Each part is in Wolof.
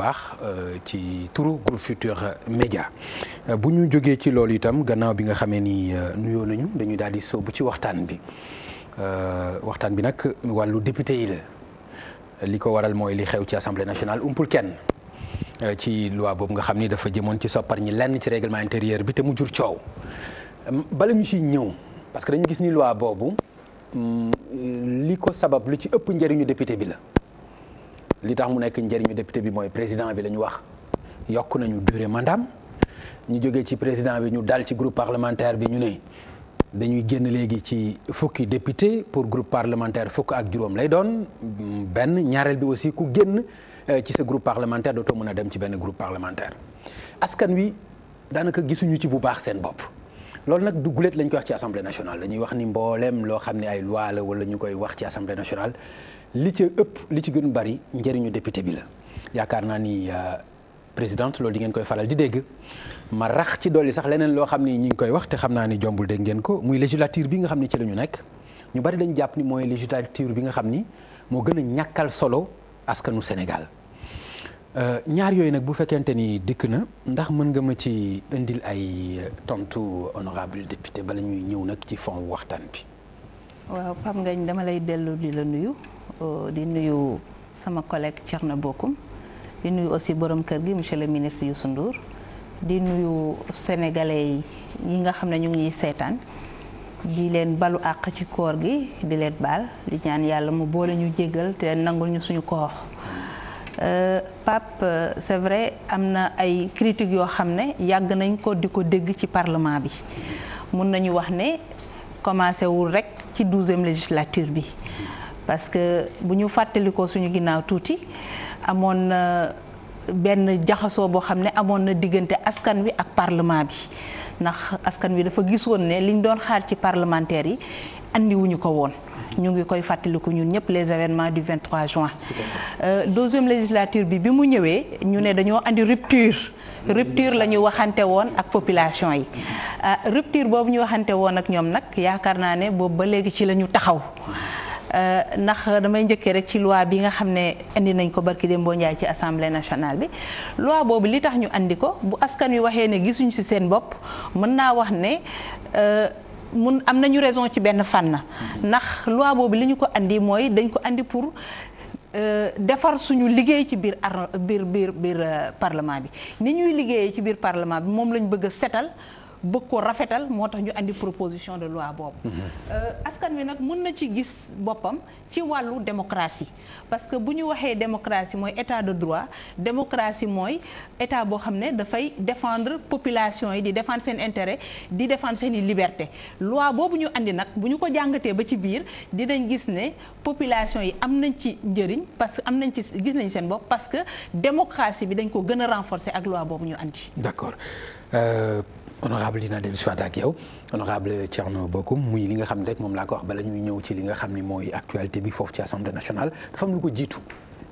baax euh, ci turu groupe Futurs Médias euh, bu ñu jógee ci loolu itam gannaaw bi nga xamee ni euh, nuyoo nañu dañuy daal di sóobu ci waxtaan bi waxtaan bi nag wàllu député yi la li ko waral mooy li xew ci assemblée nationale umpul kenn ci loi boobu nga xam ni dafa jëmoon ci soppar ñi lenn ci règlement intérieur bi te mu jur coow bala ñu ciy ñëw parce que dañu gis ni loi boobu mm, li ko sabab lu ci ëpp njëriñu député bi la. li tax mu nekk njëriñu député bi mooy président bi la ñu wax yokk nañu durée mandam ñu jóge ci président bi ñu dal ci groupe parlementaire bi ñu ne dañuy génn léegi ci fukki député pour groupe parlementaire fukk ak juróom lay doon benn ñaareel bi aussi ku génn euh, ci sa groupe parlementaire dooto mën a dem ci benn groupe parlementaire askan wi daanaka gisuñu ci bu baax seen bopp loolu nag du guléet lañ koy wax ci assemblée nationale dañuy wax ni mbooleem loo xam ne ay loi wala ñu koy wax ci assemblée nationale li ci ëpp li ci gën bari njëriñu député bi la yaakaar naa ni euh, présidente loolu di ngeen koy faral di dégg ma rax ci dolli sax leneen loo xam ni ñu ngi koy wax te xam naa ni jombul dégg ngeen ko muy législature bi nga xam ni ci la ñu nekk ñu bari dañ jàpp ni mooy législature bi nga xam ni moo gën a ñàkkal solo askanu Sénégal euh, ñaar yooyu nag bu fekkente ni dikk na ndax mën nga ma ci indil ay euh, tontu honorable député bala ñuy ñëw nag ci fond waxtaan bi. waaw Pape Ngagne dama lay dellu di la nuyu euh, di nuyu sama collègue Thierno bokkum di nuyu aussi borom kër gi monsieur le ministre Youssou Ndour di nuyu sénégalais yi nga xam ne ñu ngi ñuy seetaan di leen balu àq ci koor gi di leen baal di ñaan yàlla mu boole ñu jéggal te nangul ñu suñu koox euh, Pape euh, c'est vrai am na ay critique yoo xam ne yàgg nañ ko di ko dégg ci parlement bi mun nañu wax ne commencé wul rek. ci douzième législature bi parce que bu ñu fàttalikoo suñu ginnaaw tuuti amoon na benn jaxasoo boo xam ne amoon na diggante askan wi ak parlement bi ndax askan wi dafa gis woon ne liñ doon xaar ci parlementaire yi indiwuñu ko woon ñu ngi koy fàttaliku ñun ñëpp les événements du 23 juin deuxième législature bi bi mu ñëwee ñu ne dañoo andi rupture rupture la ñu waxante woon ak population yi euh, rupture boobu ñu waxante woon ak ñoom nag yaakaar naa ne boobu ba léegi ci la ñu taxaw euh, ndax damay njëkkee rek ci loi bi nga xam ne indi nañ ko barki Dembo Ndiaye ci assemblée nationale bi loi boobu li tax ñu andi ko bu askan wi waxee ne gisuñu ci seen bopp mën naa wax ne euh, mun am nañu raison ci benn fànn. ndax loi boobu li ñu ko indi mooy dañ ko andi pour Euh, defar suñu liggéey ci biir ar biir biir biir euh, parlement bi ni ñuy liggéeyee ci biir parlement bi moom lañ bëgg a setal bëgg ko rafetal moo tax ñu andi proposition de loi boobu. Mhm. Euh, askan wi nag mun na ci gis boppam ci wàllu démocratie parce que bu ñu waxee démocratie mooy état de droit démocratie mooy état boo xam ne dafay défendre population yi di défendre seen intérêt di défendre seen i liberté loi boobu ñu andi nag bu ñu ko jàngatee ba ci biir dinañ gis ne population yi am nañ ci njëriñ parce que am nañ ci gis nañ seen bopp parce que démocratie bi dañ ko gën a renforcer ak loi boobu ñu andi. d'accord. Euh... honorable dina dellu siwaat ak yow honorable Thierno Bocoum muy li nga xam ne rek moom laa ko wax bala ñuy ñëw ci li nga xam ne mooy actualité bi foofu ci assemblée nationale dafa lu ko jiitu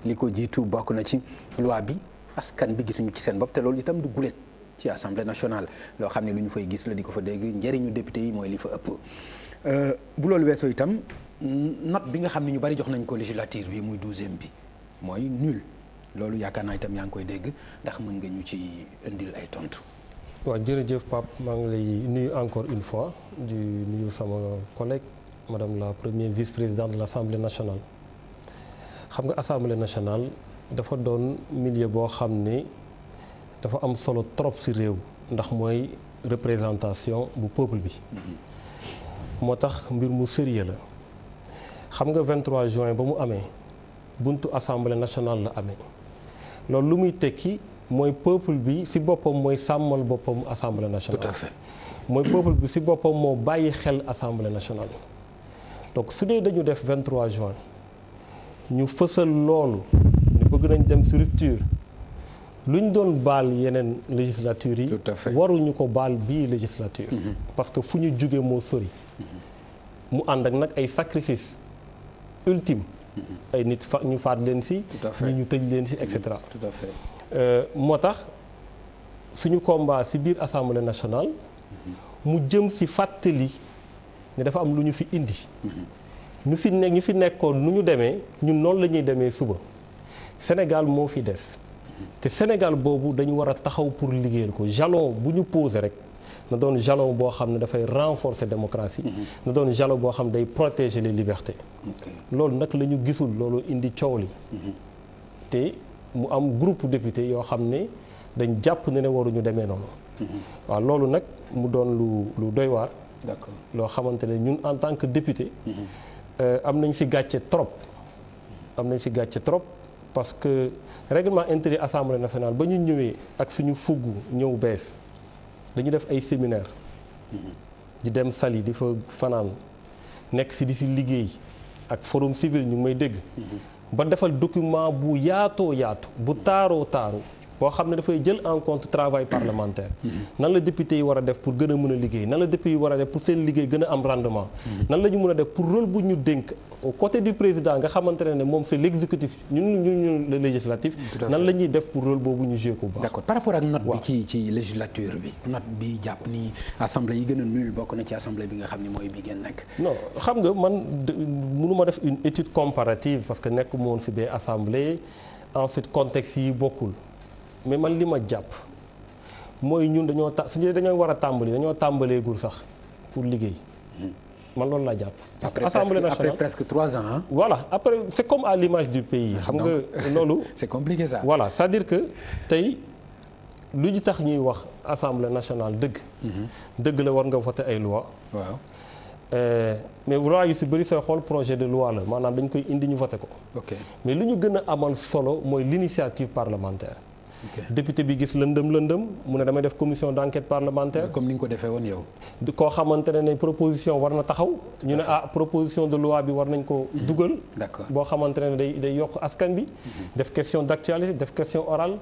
li ko jiitu bokk na ci loi bi askan bi gisuñu ci seen bopp te loolu itam du guleen ci assemblée nationale loo xam ne lu ñu fay gis la di ko fa dégg njariñu député yi mooy li fa ëpp euh, bu loolu weesoo itam note bi nga xam ne ñu bari jox nañ ko législature bi muy douzième bi mooy nul loolu yaakaar naa itam yaa ngi koy dégg ndax mën nga ñu ci indil ay tontu. waaw jërëjëf Pape maa ngi lay nuyu encore une fois di nuyu sama collègue madame la première vice-présidente de l'Assemblée nationale xam nga Assemblée nationale dafa doon millier boo xam ni dafa am solo trop si réew ndax mooy représentation bu peuple bi mm-hmm. moo tax mbir mu sérieux la xam nga 23 juin ba mu amee buntu Assemblée nationale la amee loolu lu muy tekki mooy peuple bi ci boppam mooy sàmmal boppam assemblée nationale. tout à fait mooy peuple bi ci boppam moo bàyyi xel assemblée national donc su dee dañu def 23 juin ñu fësal loolu ne bëgg nañ dem ci rupture lu ñu doon baal yeneen législature yi. tout à fait waruñu ko baal bii législature. Mm-hmm. parce que fu ñu jugee moo sori. Mm-hmm. mu ànd ak nag ay sacrifice ultime mm-hmm. ay nit fa ñu faat leen ci. ñi ñu tëj leen ci et cetera. tout à fait Euh, moo tax suñu combat si biir assemblée national mu jëm si fàttali ne dafa am lu ñu fi indi ñu fi nekk ñu fi nekkoon nu ñu demee ñun noonu la ñuy demee suba Sénégal moo fi des te Sénégal boobu dañu war a taxaw pour liggéeyal ko jalon bu ñu poser rek na doon jalon boo xam ne dafay renforcer démocratie na doon jalon boo xam ne day protéger les libertés loolu nag la ñu gisul loolu indi coow li mhm. te mu am groupe député yoo xam ne dañ jàpp ne ne waruñu demee noonu. Mhm. waaw loolu nag mu doon lu lu doy waar. loo xamante ne ñun en tant que député. Mhm. Euh, am nañ si gàcce trop. am nañ ci gàcce trop parce que règlement intérieur assemblée nationale ba ñu ñëwee ak suñu fugg ñëw bees dañu def ay séminaire mhm. di dem Saly di fa fanaan nekk si di ci liggéey ak forum civil ñu ngi may dégg. ba defal document bu yaatoo yaatu bu taaroo taaru boo xam ne dafay jël en compte travail parlementaire nan la député yi war a def pour gën a mën a liggéey nan la député yi war a def pour seen liggéey gën a am rendement nan la ñu mën a def pour rôle bu ñu dénk au côté du président nga xamante ne moom c'est l'exécutif ñun ñun ñun le législatif nan la ñuy def pour rôle boobu ñu joué ko bu baax d'accord par bi ci ci jàpp ni assemblée yi gën a nul bokk na ci assemblée bi nga xam ne mooy bi ngeen nekk non xam nga man mënu def une étude comparative parce que nekk moon si bee assemblée ensuite contexte yi bokkul mais man li ma jàpp mooy ñun dañoo ta suñu dañoo war a tàmbali dañoo tàmbaleegul sax pour liggéey hmm. man loolu laa jàpp. parce que assemblée nationale après presque trois ans hein? voilà après c' est comme à du pays. Ah, xam nga loolu. c' est compliqué ça. voilà c' dire que tey lu ñu tax ñuy wax assemblée nationale dëgg. Hmm. dëgg la war nga voter ay loi waaw. Euh, mais loi yi si bëri sa xool projet de loi la maanaam dañ koy indi ñu voté ko. mais lu ñu gën a amal solo mooy linitiative initiative parlementaire. député bi gis lëndëm lëndëm mu ne damay def commision d' enquête parlementaire. comme ni nga ko defee woon yow. koo xamante war na taxaw. ñu ne ah proposition de bi war nañ ko mhm. dugal. d' boo xamante ne day day yokk askan bi. Mhm. def question d' actualité def question orale.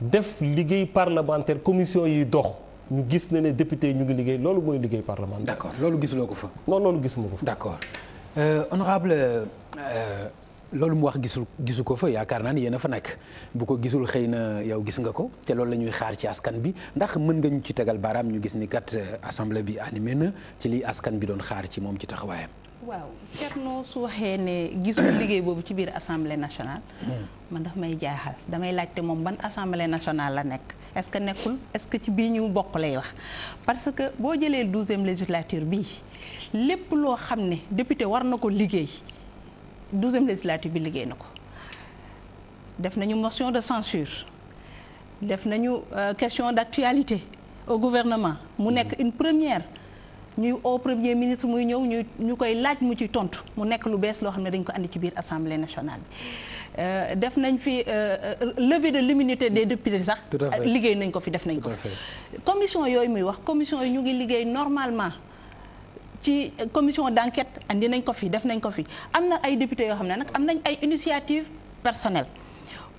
def liggéey parlementaire commission yi dox. ñu gis ne ne député yi ñu ngi liggéey loolu mooy liggéey parlementaire. d' accord loolu gisuloo ko fa. non loolu gisuma ko fa. d' accord euh, honorable euh, loolu mu wax gisul gisu ko fa yaakaar naa ni yéen a fa nekk bu ko gisul xëy na yow gis nga ko te loolu la ñuy xaar ci askan bi ndax mën nga ñu ci tegal baaraam ñu gis ni kat euh, assemblée bi animé na ci li askan bi doon xaar ci moom ci taxawaayam. waaw Thierno su waxee ne gisul liggéey boobu ci biir assemble national hmm. man ndax may jaaxal damay laajte moom ban assemble national la nekk est-ce que nekkul est-ce que ci bii ñu bokk lay wax. parce que boo jëlee douzième législature bii lépp loo xam ne député war na ko liggéey. douzième législative bi liggéey na ko def nañu motion de censure def nañu euh, question d'actualité au gouvernement mu nekk mm-hmm. une première ñuy au premier ministre muy ñëw ñu ñu koy laaj mu ci tontu mu nekk lu bees loo xam ne dañ ko indi ci biir assemblée nationale bi euh, def nañ fi euh, levée de l'immunité de depuis sax liggéey nañ ko fi def nañ ko commission yooyu muy wax commission yi ñu ngi liggéey normalement ci commission d'enquête andi nañ ko fi def nañ ko fi am na ay député yoo xam ne nag am nañ ay initiative personnelle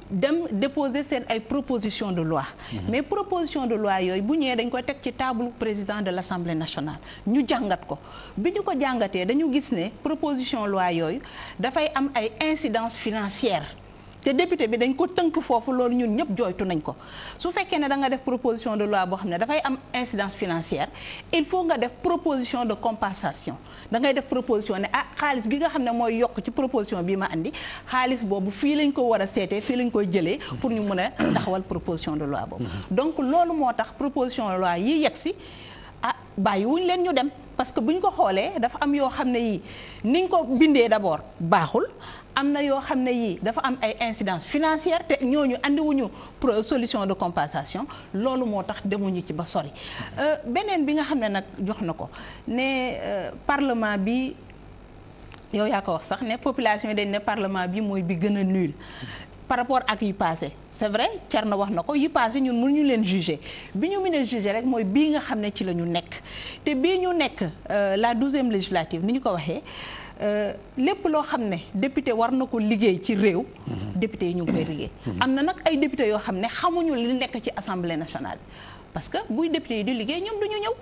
dem déposer seen ay proposition de loi mhm. mais proposition de loi yooyu bu ñëwee dañ koy teg ci table président de l'Assemblée nationale ñu jàngat ko bi ñu ko jàngatee dañu gis ne proposition loi yooyu dafay am ay incidences financières te député bi dañ ko tënk foofu loolu ñun ñëpp jooytu nañ ko su fekkee ne danga def proposition de loi boo xam ne dafay am incidence financière il faut nga def proposition de compensation da ngay def proposition ne ah xaalis bi nga xam ne mooy yokk ci proposition bi ma indi xaalis boobu fii lañ ko war a seetee fii lañ koy jëlee pour ñu mën a taxawal proposition de loi boobu mm-hmm. donc loolu moo tax proposition de loi yi yegg si ah bàyyi wuñ leen ñu dem parce que bu ñu ko xoolee dafa am yoo xam ne yii ni ko bindee d'abord baaxul am na yoo xam ne yii dafa am ay incidences financière te ñooñu andiwuñu solution de compensation loolu moo tax demuñu ci ba sori. Euh, beneen bi nga xam ne nag jox na ko ne euh, parlement bi yow yaa ko wax sax ne population yi dañ ne parlement bi mooy bi gën a nul. par rapport ak yi passé c'est vrai cer na wax na ko yu passé ñun ñu leen juger bi ñu mën a juger rek mooy bii nga xam ne ci la ñu nekk te bii ñu nekk euh, la douzième législative ni ñu ko waxee euh, lépp loo xam ne député war na ko liggéey ci réew. Mhm. député yi ñu ngi koy liggéey. Mhm. am na nag ay député yoo xam ne xamuñu li nekk ci assemblée nationale parce que buy député yi di liggéey ñoom du ñu ñëw.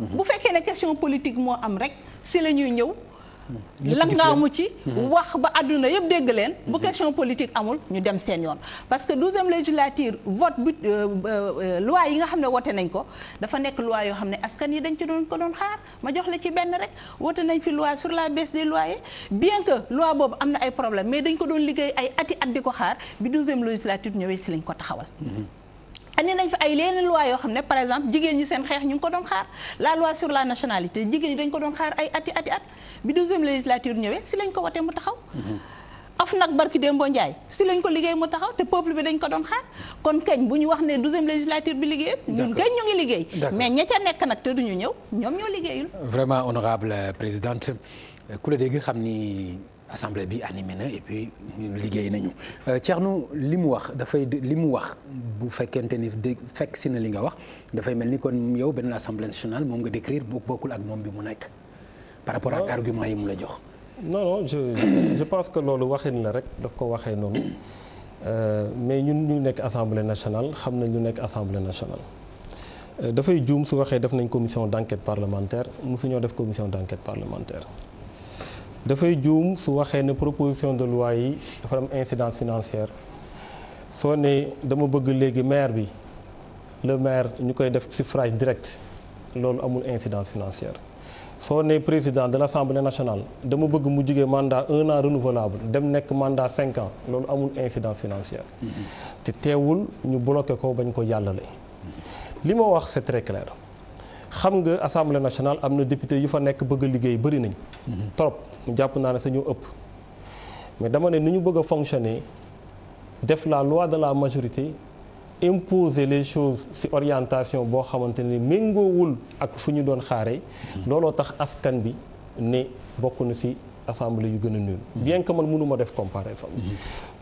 Mhm. bu fekkee ne question politique moo am rek si la ñuy ñëw. langaamu ci hmm. wax ba àdduna yëpp dégg leen hmm. bu question politique amul ñu dem seen yoon parce que douzième législature vote bu euh, euh, euh, loi yi nga xam ne wote nañ ko dafa nekk loi yoo xam ne askan yi dañ ci doon ko doon xaar ma jox la ci benn rek wote nañ fi loi sur la baisse des loyers bien que loi boobu am na ay problème mais dañ ko doon liggéey ay ati at di ko xaar bi douzième législature ñëwee si lañ ko taxawal hmm. andi nañ fa ay leneen loi yoo xam ne par exemple jigéen ñi seen xeex ñu ngi ko doon xaar la loi sur la nationalité jigéen ñi dañ ko doon xaar ay ati ati at bi deuxième législature ñëwee si lañ ko watee mu taxaw mm-hmm. af nag barki Dembo Ndiaye si lañ ko liggéey mu taxaw te peuple bi dañ ko doon xaar kon kañ bu ñu wax ne deuxième législature bi liggéey ñun kañ ñu ngi liggéey mais ña ca nekk nag te duñu ñëw ñoom ñoo liggéeyul vraiment honorable euh, présidente euh, ku la xam ni assemblée bi animé na et puis liggéey nañu ceex euh, nu li mu wax dafay li mu wax bu fekkente ni dé fekk si na li nga wax dafay mel ni kon yow benn assemblée nationale moom nga décrire bu bokkul ak moom bi mu nekk par rapport ak ah. argument yi mu la jox non non je pense que loolu waxin la rek daf ko waxee noonu euh, mais ñun ñu nekk assemblée nationale xam na ñu nekk assemblée nationale euh, dafay juum su waxee def nañ commission d' enquête parlementaire mosuñoo def commission d' enquête parlementaire dafay juum su waxee ne proposition de loi yi dafa am incidence financière soo ne dama bëgg léegi maire bi le maire ñu koy def suffrage direct loolu amul incidence financière soo ne président de l' assemblée nationale dama bëgg mu jugee mandat un an renouvelable dem nekk mandat cinq ans loolu amul incidence financière mm-hmm. te teewul ñu bloqué ko bañ ko jàllale mm-hmm. li ma wax c' est très xam nga assemblée nationale am na député yu fa nekk bëgg a liggéey bari nañ. trop jàpp naa ne sax ñu ëpp. mais dama ne ni ñu bëgg a fonctionner def la loi de la majorité imposer les choses ci orientation boo xamante ne méngoowul ak fu ñu doon xaaree. looloo tax askan bi ni bokk na ci assemblée yu gën a nul. bien que man mënuma def comparaison. Mhm.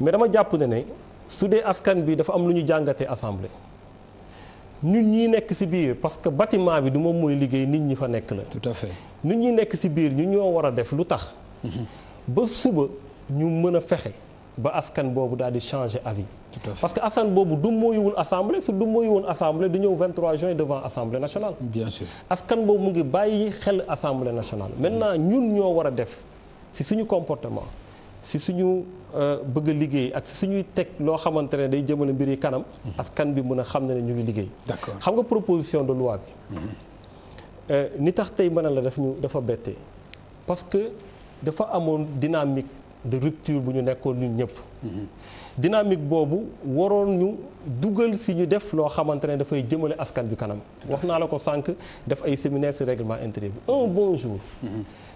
mais dama jàpp ne ne su dee askan bi dafa am lu ñu jàngatee assemblée. ñun ñi nekk ci biir parce que bâtiment bi du moom mooy liggéey nit ñi fa nekk la. tout à fait ñun ñi nekk ci biir ñu ñoo war a def lu tax. Mhm. ba suba ñu mën a fexe ba askan boobu daal di changer avis. tout à parce que askan boobu du mooyuwul assemblée su du mooyuwoon assemblée du ñëw 23 juin devant assemblée national bien sûr askan boobu mu ngi bàyyi xel assemblée nationale. maintenant ñun ñoo war a def ci suñu comportement ci suñu. Euh, bëgg liggéey ak suñuy teg loo xamante ne day jëmale mbir yi kanam. Mhm. askan bi mun a xam na ne ñu ngi liggéey. d'accord xam nga proposition de loi bi. Mhm. Euh, ni tax tey mën a la daf ñu dafa bette parce que dafa amoon dynamique de rupture bu ñu nekkoon ñun ñëpp. Mhm. dynamique boobu waroon ñu dugal si ñu def loo xamante ne dafay jëmale askan bi kanam. wax naa la ko sànq def ay séminaire si règlement intérieur bi un bon jour.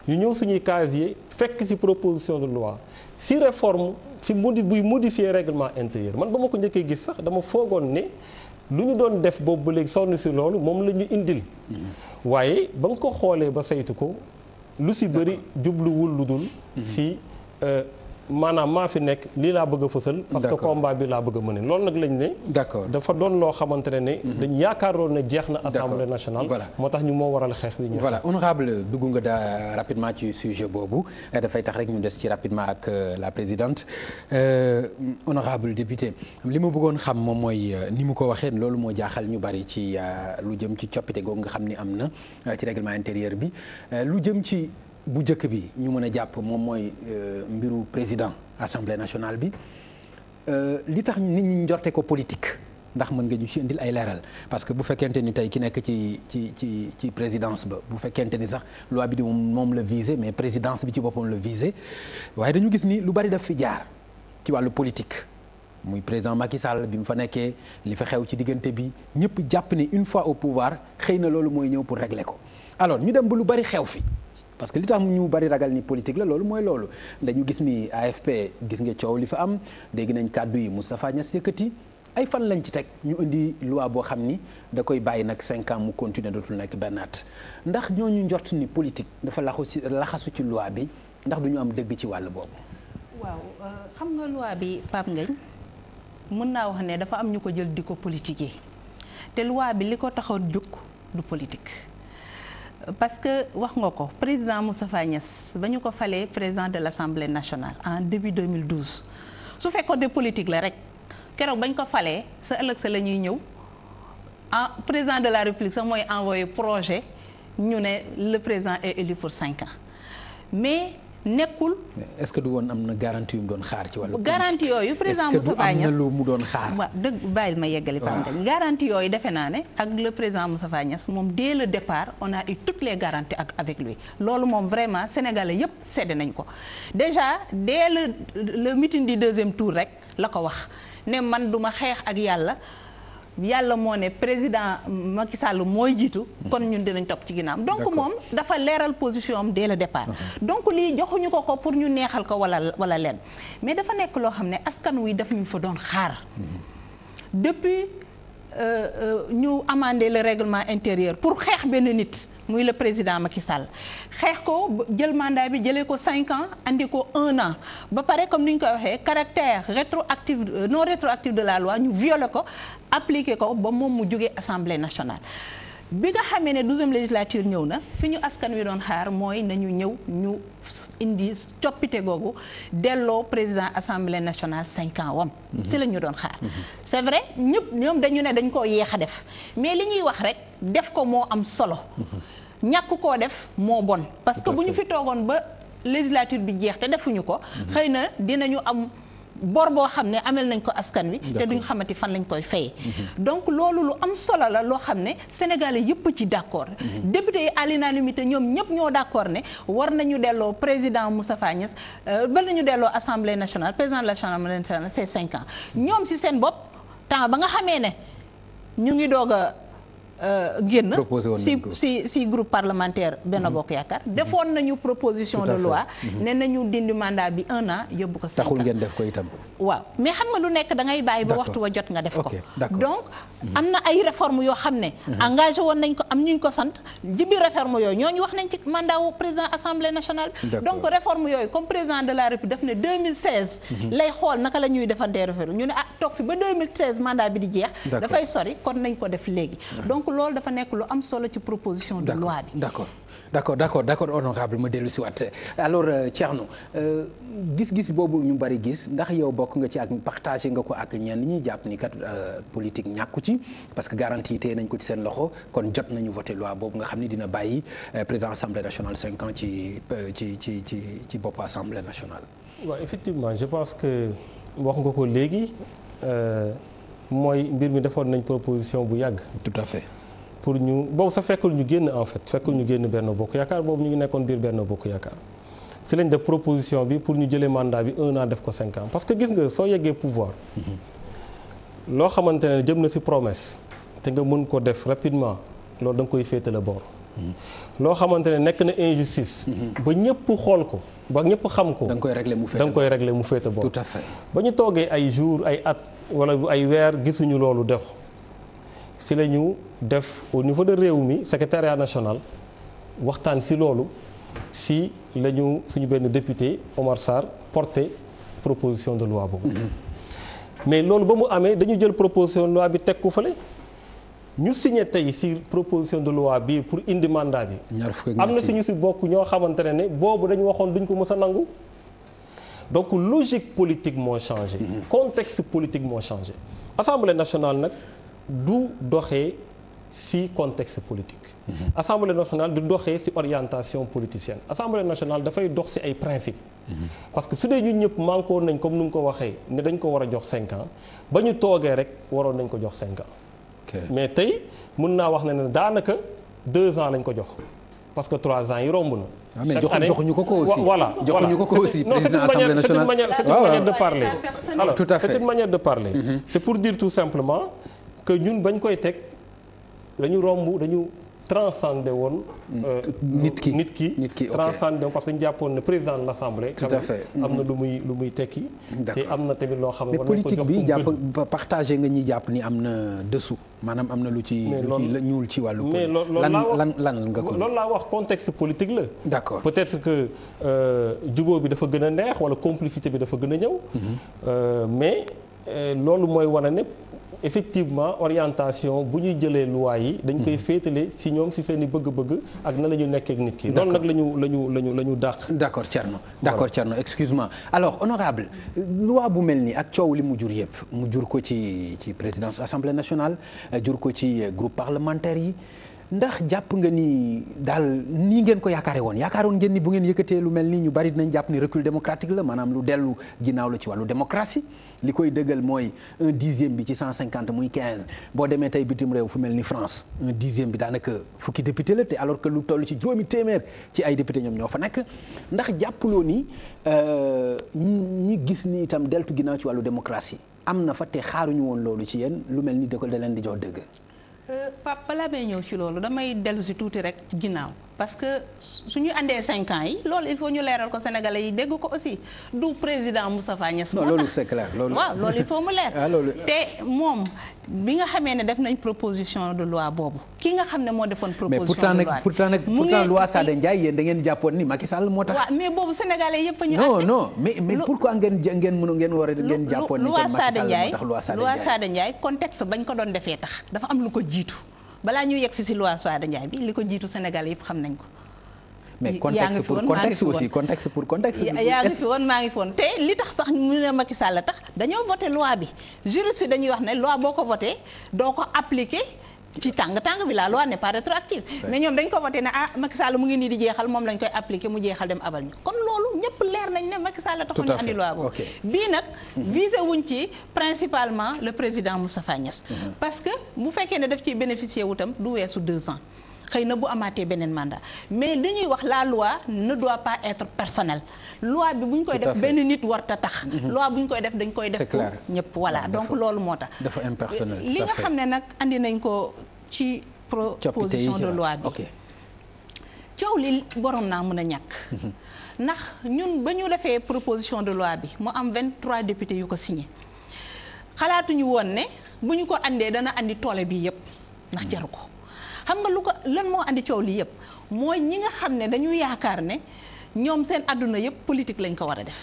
ñu ñëw suñuy casier fekk si proposition de loi si reforme si modi buy modifier reglement intérieur man ba ma ko njëkkee gis sax dama foogoon ne lu ñu doon def boobu ba léegi sonn si loolu moom la ñu indil. Mm-hmm. waaye ba nga ko xoolee ba saytu ko. lu si bëri jubluwul lu dul mm-hmm. si. Euh, maanaam maa fi nekk lii laa bëgg a fësal. parce que combat bi laa bëgg a mëne loolu nag lañ ne. dafa doon loo xamante ne. Mhm. dañ yaakaaroon ne jeex na. assemblée nationale voilà. moo tax ñu moo waral xeex wi. ñu voilà honorable dugg nga daa rapidement ci sujet boobu eh, dafay tax rek ñu des ci rapidement ak euh, la présidente euh, honorable député li ma bëggoon xam moom mooy euh, ni mu ko waxee loolu moo jaaxal ñu bari ci euh, lu jëm ci coppite googu nga xam ni am na ci règlement intérieur bi lu jëm ci. bu njëkk bi ñu mën a jàpp moom mooy euh, mbiru président assemblée nationale bi euh, li tax nit ñi njorte ko politique ndax mën nga ñu ci indil ay leeral parce que bu fekkente ni tey ki nekk ci ci ci ci présidence bu fekkente ni sax loi bi di moom la visé mais présidence bi ci boppam la visé waaye dañu gis ni lu bari daf fi jaar ci wàllu politique. muy président Macky Sall bi mu fa nekkee li fa xew ci diggante bi ñëpp jàpp ni une fois au pouvoir xëy na loolu mooy ñëw pour régler ko alors ñu dem ba lu bari xew fi. parce que li tax ñu bari ragal ni politique la loolu mooy loolu dañu gis ni AFP gis nga coow li fa am dégg nañ kàddu yi Moustapha Niass yëkkati ay fan lañ ci teg ñu indi luwaa boo xam ni da koy bàyyi nag cinq mu continuer dootul nekk benn at ndax ñooñu njort ni politique dafa laxu ci laxasu ci loi bi ndax du ñu am dëgg ci wàll boobu. waaw euh, xam nga loi bi Pape Ngagne mën naa wax ne dafa am ñu ko jël di ko politiquer te loi bi li ko taxaw jóg du politique. parce que wax nga ko président Moustapha Niass ba ñu ko falee président de l' assemblée nationale en début 2012 su fekkoon de politique la rek keroog bañ ko falee sa ëllëg sa la ñuy ñëw ah président de la république sax mooy envoyé projet ñu ne le président et élu pour cinq ans mais nekkul. est-ce que du woon am na garantie yu mu doon xaar ci wàllu. garantie yooyu président Moustapha Niass est-ce que mu doon xaar. waaw ma yeggali. waaw Fane garantie defe naa ne ak le président Moustapha Niass moom dès le départ on a eu toutes les garanties ak avec lui loolu moom vraiment sénégalais yëpp sédd nañ ko déjà dès le le meeting du deuxième tour rek la ko wax ne man duma xeex ak yàlla. yàlla moo ne président Macky Sall mooy jiitu. kon ñun dinañ topp ci ginnaam donc moom dafa leeral position am dès le départ. Uh-huh. donc lii joxuñu ko ko pour ñu neexal ko wala wala leen mais dafa nekk loo xam ne askan wuy daf ñu fa doon xaar. Mm-hmm. depuis Euh, euh, ñu amender la règlement intérieure pour xeex benn nit muy le président Macky Sall xeex ko jël mandat bi jëlee ko cinq ans andi ko un an ba pare comme ni ñu koy waxee caractère rétroactif euh, non rétroactif de la loi ñu violé ko appliqué ko ba moom mu jógee assemblée nationale. bi nga xamee ne douzième législature ñëw na fi ñu askan wi doon xaar mooy nañu ñëw ñu indi coppite googu delloo président assemblée nationale cinq ans wam mhm. si la ñu doon xaar mhm. c'est vrai ñëpp ñoom dañu ne dañ koo yéex a def mais li ñuy wax rek def ko moo am solo mhm. ñàkk ko def moo bon parce que bu ñu fi toogoon ba législature bi jeex te defuñu ko xëy na dinañu am bor boo xam ne amel nañ ko askan wi te duñu xamante fan lañ koy fayee mhm. donc loolu lu am solo la loo xam ne sénégalais yëpp ci d'accord mhm. député yi à l'unanimité ñoom ñëpp ñoo d'accord ne war nañu delloo président Moustapha Niasse ba euh, nañu delloo assemblée nationale président de l'assemblée nationale c'est cinq ans mhm. ñoom si seen bopp temps ba nga xamee ne ñu ngi doog Euh, génn si si si groupe parlementaire benn Bokk Yaakaar mhm. defoon nañu proposition de loi mhm. ne nañu dindi mandat bi un an yóbbu ko cinq ans taxul ngeen def ko itam waaw mais xam nga lu nekk da ngay bàyyi ba waxtu wa jot nga def ko donc am na ay réforme yoo xam ne mhm. engage woon nañ ko am ñu ko sant ji bi réforme yooyu ñooñu wax nañ ci mandat wu président assemblée nationale donc réforme yooyu comme président de la république daf ne 2016 mhm. lay xool naka la ñuy defantee réforme ñu ne ah toog fi ba 2016 mandat bi di jeex dafay sori kon nañ ko def léegi mhm. donc loolu dafa nekk lu am solo ci proposition de loi bi d'accord d'accord d'accord honorable ma dellu si waat alors euh, Thierno euh, gis-gis boobu ñu bari gis ndax yow bokk nga ci ak partagé nga ko ak ñenn ñi jàpp ni kat euh, politique ñàkku ci parce que garantie yi nañ ko ci seen loxo kon jot nañu voté loi boobu nga xam ne dina bàyyi président assemblée nationale cinq ans ci ci ci ci ci boppu assemblée nationale. waaw effectivement je pense que wax nga ko léegi mooy mbir mi defoon nañ proposition bu yàgg. tout à fait. pour ñu boobu sax fekkul ñu génn en fait fekkul ñu génn benn bokk yaakaar boobu ñu ngi nekkoon biir benn bokk yaakaar si lañ def proposition bi pour ñu jëlee mandat bi un an def ko cinq ans parce que gis nga soo yeggee pouvoir loo xamante ne jëm na si promesse te nga mën ko def rapidement loolu da nga koy féetale boor. loo xamante ne nekk na injustice. ba ñëpp xool ko ba ñëpp xam ko. da nga koy régler mu féete boor da nga koy régler mu féete boor. tout à fait ba ñu toogee ay jours ay at wala ay weer gisuñu loolu def si la ñu def au niveau de réew mi secrétariat national waxtaan si loolu si lañu suñu benn député Omar Sarr porté proposition de loi boobu. Mm-hmm. mais loolu ba mu amee dañu jël proposition de loi bi teg ko fële. ñu signé tey si proposition de loi bi pour indi mandat bi. am na suñu si bokk ñoo xamante ne ne boobu dañu waxoon duñ ko mës a nangu. donc logique politique moo changé. Mm-hmm. contexte politique moo changé. Assemblée nationale nag. du doxee ci contexte politique. Mm -hmm. assemblée nationale du doxee ci orientation politicienne assemblée nationale dafay dox ci ay principes. Mm -hmm. parce que su dee ñun ñëpp mànkoo nañ comme nu nga ko waxee ne dañ ko war a jox 5 ans ba ñu toogee rek waroon nañ ko jox 5 ans. mais tey mun naa wax ne ne daanaka 2 ans lañ ko jox parce que 3 ans yi romb na. Ah, chaque année ko ko aussi voilà joxuñu ko ko aussi président assemblée nationale ah, mm-hmm. c'est pour dire tout que ñun bañ koy teg dañu romb dañu transcendé woon. Mm. Euh, nit ki nit ki nit ki transcendé woon parce que ñu jàppoon na président la l'assemblée. tout à mm-hmm. lu muy lu muy tekki. te am na tamit loo xam ne war nañ ko jox nga ñuy jàpp ni am na dessous maanaam am na lu ci. lu ci ñuul ci wàllu. mais loolu lan lan lan nga ko. loolu laa wax contexte politique la. d'accord peut-être que euh, jubóo bi dafa gën a neex wala complicité bi dafa gën a ñëw. Mm-hmm. Euh, mais loolu mooy wane népp effectivement orientation bu ñuy jëlee loi yi. dañ koy hmm. féetale si ñoom si seen i bëgg-bëgg ak na la ñu nekkee ak nit ki. loolu nag la ñu la ñu la ñu la ñu dàq. d' accord Thierno d' accord Thierno excuse-moi alors honorable loi bu mel nii ak coow li mu jur yëpp mu jur ko ci ci présidence assemblée nationale euh, jur ko ci euh, groupe parlementaire yi. ndax jàpp nga ni daal nii ngeen ko yaakaare woon yaakaaroon ngeen ni bu ngeen yëkkatee lu mel nii ñu bari dinañ jàpp ni recul démocratique la maanaam lu dellu ginnaaw la ci wàllu démocratie li koy dëggal mooy un dixième bi ci cent cinquante muy quinze boo demee tey bitim réew fu mel ni France un dixième bi daanaka fukki député la te alors que lu tollu ci juróomi téeméer ci ay député ñoom ñoo fa nekk ndax jàppuloo ni euh, ñi gis ni itam deltu ginnaaw ci wàllu démocratie am na fa te xaaruñu woon loolu ci yéen lu mel ni da ko da leen di jox dëgg. Euh, Pape balaa may ñëw ci loolu damay dellu si tuuti rek ginnaaw. parce que su ñu àndee cinq ans yi loolu il faut ñu leeral ko sénégalais yi dégg ko aussi du président Moustapha Niass. moo tax loolu c'est clair loolu. waaw lool il faut mu leer. Ah, te moom bi nga xamee ne def nañ proposition de loi boobu ki nga xam ne moo defoon. proposition de loi mais pourtant nag ngeen jàppoon ni Macky Sall moo tax. waaw mais boobu sénégalais yëpp a ñu. non non mais mais pourquoi ngeen ngeen mën ngeen war a ngeen jàppoon ni. kon Macky Sall moo tax loi Sada Ndiaye loi Sada Ndiaye contexte bañ ko doon defee tax dafa am lu ko jiitu. balaa ñu yegg si si loi Sohada Ndiaye bi li ko jiitu Sénégal yëpp xam nañ ko. mais contexte pour contexte aussi contexte pour contexte. yaa ngi fi woon maa ngi fi woon te li tax sax mu ne Macky Sall la tax dañoo voté loi bi juriste dañuy wax ne loi boo ko voté doo ko appliqué. ci tàng tàng bi la loi n'est pas rétroactive mais ñoom dañ ko voté ne ah Macky Sall mu ngi nii di jeexal moom lañ koy appliqué mu jeexal dem abal ñu kon loolu ñëpp leer nañ ne Macky Sall taxoon ñu andi loi boobu bii nag mm-hmm. visé wuñ ci principalement le président Moustapha Niass mm-hmm. parce que bu fekkee ne daf ciy bénéficier wutam du weesu deux ans xëy na bu amaatee beneen mandat mais dañuy wax laa loi ne doit pas être personnelle loi bi buñ koy def benn nit war ta tax. Mm-hmm. loi bu koy def dañ koy def. pour ñëpp voilà donc loolu moo tax. dafa impersonnel li nga xam ne nag andi nañ ko ci. proposition de loi bi coow li borom naa mën a ñàkk. Mm-hmm. ndax ñun ba ñu defee proposition de loi bi mu am trois députés yu ko signé xalaatuñu woon ne bu ñu ko andee dana andi toole bii yépp ndax jaru ko. xam nga lu ko lan moo andi coow lii yëpp mooy ñi nga xam ne dañu yaakaar ne ñoom seen àdduna yëpp politique lañ ko war a def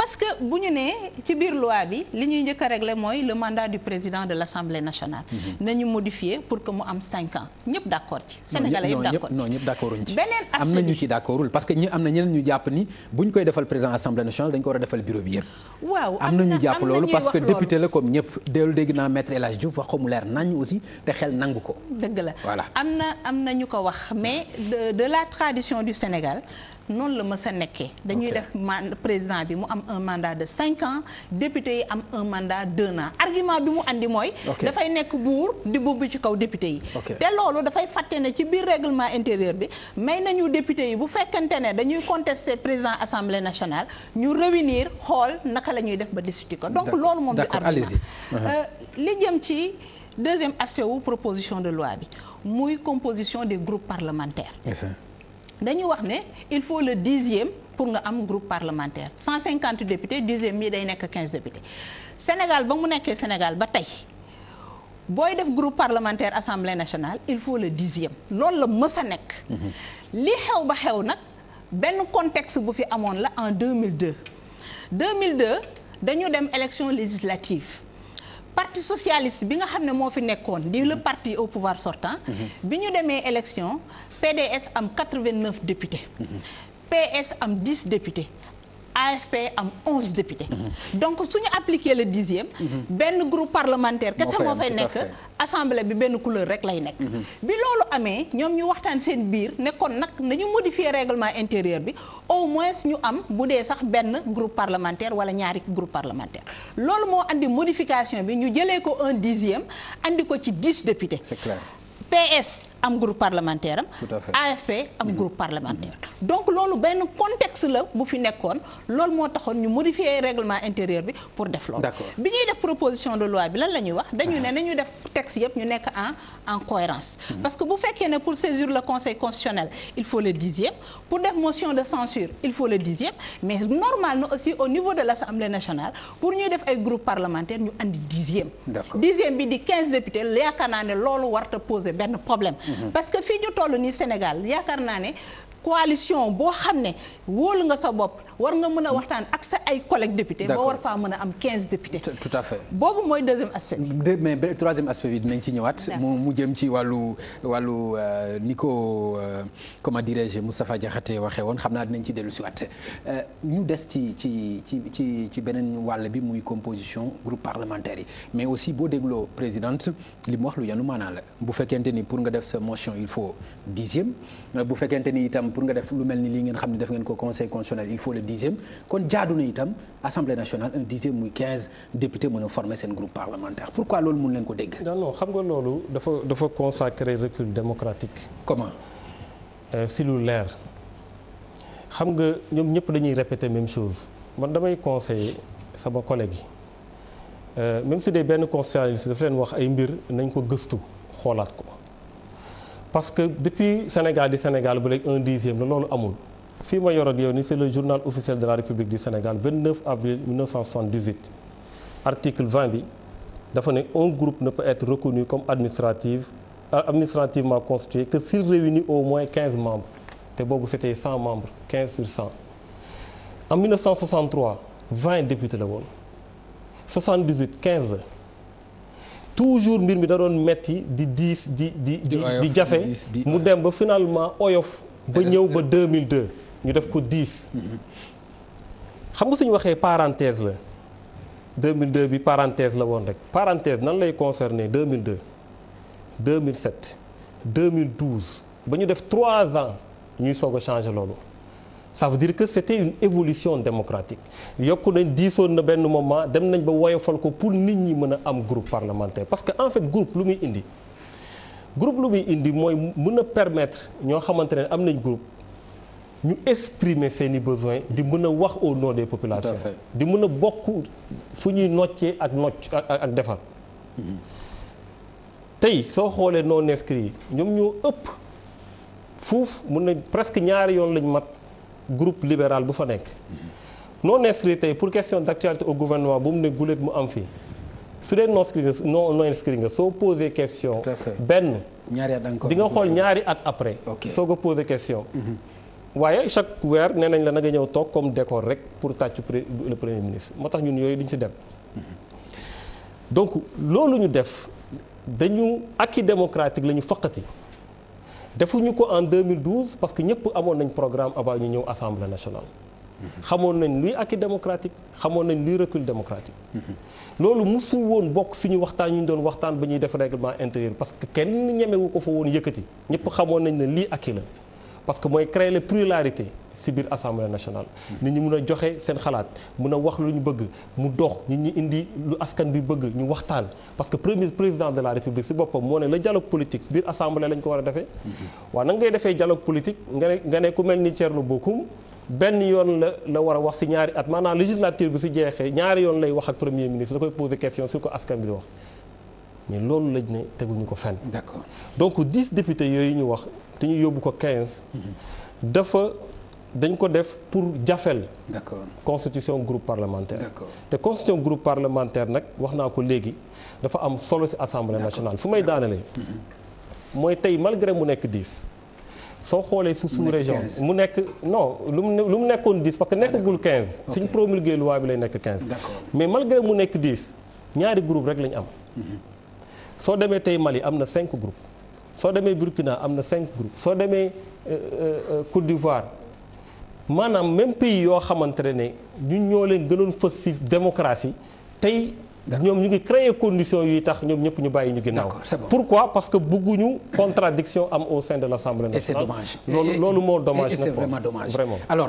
parce que bu ñu nee ci biir loi bi li ñuy jëkk a régler mooy le mandat du président de l' assemblée na mhm. ñu modifier pour que mu am 5 ans ñëpp d' accord ci. Sénégalais yëpp d' accord non ñëpp d' accord ci. beneen aspect am na ñu ci d' accordul parce que ñu am na assemblée nationale dañ ko war a defal bureau bi yëpp. waaw am na ñu jàpp loolu parce que député la comme ñëpp dégg naa maître El Hadj Diouf wax ko mu leer nañ aussi te xel nangu ko. dëgg la voilà am na am na ñu ko wax mais de de la tradition du Sénégal. noonu la mës a nekkee dañuy def man président bi mu am un mandat de cinq ans député yi am un mandat deux ans argument bi mu indi mooy dafay nekk buur di bubb ci kaw député yi te loolu dafay fàtte ne ci biir réglement intérieur bi may nañu député yi bu fekkante ne dañuy contester président assemblée national ñu réunir xool naka la ñuy def ba discuter ko donc loolu moom di argument uh-huh. euh, li jëm ci deuxième aspect wu proposition de loi bi muy composition des groupes parlementaires okay. Uh-huh. dañu wax ne il faut le dixième pour nga am groupe parlementaire 150 députés dixième mi day nekk 15 députés Sénégal ba mu nekkee Sénégal ba tey booy def groupe parlementaire assemblée nationale il faut le dixième loolu la mës a nekk. Mhm. li xew ba xew nag benn contexte bu fi amoon la en 2002 2002 dañu dem élection législative. parti socialiste bi nga xam ne moo fi nekkoon di le mhm. parti au pouvoir sortant. Mhm. bi ñu demee élection PDS am 89 députés. PS am 10 députés. AFP am onze députés. donc su ñu appliquer le dixième. benn groupe parlementaire kese moo fay nekk. assemblée bi benn couleur rek lay nekk. bi loolu amee ñoom ñu waxtaan seen biir nekkoon kon nag nañu modifier réglement intérieur bi au moins ñu am bu dee sax benn groupe parlementaire wala ñaari groupe parlementaire loolu moo indi modification bi ñu jëlee ko un dixième indi ko ci dix députés. c'est clair PS. am groupe parlementaire am. AFP am mm-hmm. groupe parlementaire. Mm-hmm. donc loolu benn contexte la bu fi nekkoon loolu moo taxoon ñu modifier règlement intérieur bi pour def loolu. bi ñuy def proposition de loi bi lan la ñuy wax dañu ne nañu def texte yëpp ñu nekk en en cohérence mm-hmm. parce que bu fekkee ne pour saisir le conseil constitutionnel il faut le dixième pour def motion de censure il faut le dixième mais normal na aussi au niveau de l' assemblée nationale pour ñuy def ay groupe parlementaire ñu andi dixième. dixième bi di yaakaar naa ne loolu warta poser benn problème. parce que fii ñu toll nii Sénégal yaakaar naa ne coalition boo xam ne wóolu nga sa bopp war nga mën a waxtaan ak sa ay collègues députés. boo war faa mën a am 15 députés. tout à fait boobu mooy deuxième aspect bi. mais troisième aspect bi dinañ ci ñëwaat. mu mu jëm ci wàllu euh, ni ko euh, comment dirais-je Moustapha Diakhaté waxee woon xam naa dinañ ci dellu si waat euh, ñu des ci ci ci ci ci beneen wàll bi muy composition groupe parlementaire yi mais aussi boo dégloo présidente li mu wax lu yanu maanaa la bu fekkente ni pour nga def sa motion il faut dixième bu fekkente ni itam. pour nga def lu mel ni lii ngeen xam ne def ngeen ko conseil constitutionnel il faut le dixième kon jaadu na itam assemblée nationale un dixième muy quinze député mën a former seen groupe parlementaire pourquoi loolu mun leen ko dégg. non non xam nga loolu dafa dafa consacrer recul démocratique. comment. Euh, si lu leer xam nga ñoom ñëpp dañuy répéter même chose man damay conseiller sama collègue yi euh, même si dee benn constitutionnaliste dafa leen wax ay mbir nañ ko gëstu xoolaat ko. parce que depuis Sénégal di Sénégal ba léegi un dixième la loolu amul fii ma yoroon yow ni c'est le journal officiel de la République du Sénégal 29 avril 1978 article 20 bi dafa ne un groupe ne peut être reconnu comme administrative euh, administrativement constitué que s'il réunit au moins 15 membres te boobu c'était 100 membres am sur 100 en 1963 20 députés la woon 78 15 la toujours mbir mi da doon metti di diis di di di di jafe mu dem ba finalement oyof ba ñëw ba 2002 ñu def ko diis xam nga suñu waxee parenthèse la 2002 bi parenthèse la woon rek parenthèse nan lay concerner 2002 2007 2012 ba ñu def 3 ans ñuy soog a changer loolu ça veut dire que c'était une évolution démocratique yokk nañ diisoon na benn moment dem nañ ba woyofal ko pour nit ñi mën a am groupe parlementaire parce que en fait groupe lu muy indi groupe lu muy indi mooy mën a permettre ñoo xamante ne am nañ groupe ñu exprimer seeni besoins di mën a wax au nom des populations di mën a bokk fu ñuy noccee ak nocc ak defar mm-hmm. tey soo xoolee non inscrits yi ñoom ñoo ëpp fuuf mun na presque ñaari yoon lañ mat groupe libéral bu fa nekk. non inscrit tey pour question d' actualité au gouvernement bu mu ne guléet mu am fi su dee non inscrit nga nga soo posé question. benn. ñaari at encore nga xool ñaari at après. soo ko posé question. Mhm. waaye chaque weer nee nañ la na nga ñëw toog comme décor rek pour tàccu le premier ministre moo tax ñun yooyu duñ ci dem. Mhm. donc loolu ñu def dañu acquis démocratique la ñu foqati. defuñu ko en 2012 parce que ñëpp amoon nañ programme avant ñu ñëw assemblée nationale. xamoon nañ luy acquis démocratique xamoon nañ luy recul démocratique. loolu musu woon bokk suñu waxtaan ñu doon waxtaan ba ñuy def règlement intérieur parce que kenn ñemewu ko fa woon yëkkati ñëpp xamoon nañ ne lii acquis la parce que mooy créer la pluralité. si biir assemblée nationale. nit ñi mun a joxe seen xalaat mun a wax lu ñu bëgg mu dox ñu indi lu askan bi bëgg ñu waxtaan parce que premier président de la république si boppam moo ne la dialogue politique biir assemblée lañ ko war a defee. waaw nan ngay defee dialogue politique nga ne nga ne ku mel ni Thierno Bocoum benn yoon la la war a wax si ñaari at maanaam législature bi si jeexee ñaari yoon lay wax ak premier ministre la koy poser question sur ko askan bi mais loolu lañ ne teguñu ko fenn. d'accord donc dix députés yooyu ñu wax te yóbbu ko quinze. Mhm. dañ ko def pour jafel constitution groupe parlementaire te constitution groupe parlementaire nag wax naa ko léegi dafa am solo ci assemblée nationale fu may daanalee mm-hmm. mooy tey malgré mu nekk dix soo xoolee su sous région mu nekk non lu mu lu mu nekkoon dix parce que ah, nekkagul quinze suñ lu loi bi lay nekk quinze mais malgré mu nekk diis ñaari groupe rek lañu am mm-hmm. soo demee tey Mali am na cinq groupes soo demee Burkina am na cinq groupes soo demee euh, euh, euh, Côte d'Ivoire maanaam même pays yoo xamante ne ñun ñoo leen gënoon fës ci démocratie tey. ñoom ñu ngi créer condition yuy tax ñoom ñëpp ñu bàyyi ñu ginnaaw pourquoi parce que bëgguñu contradiction am au sein de l'Assemblée nationale loolu moo dommage vraiment dommage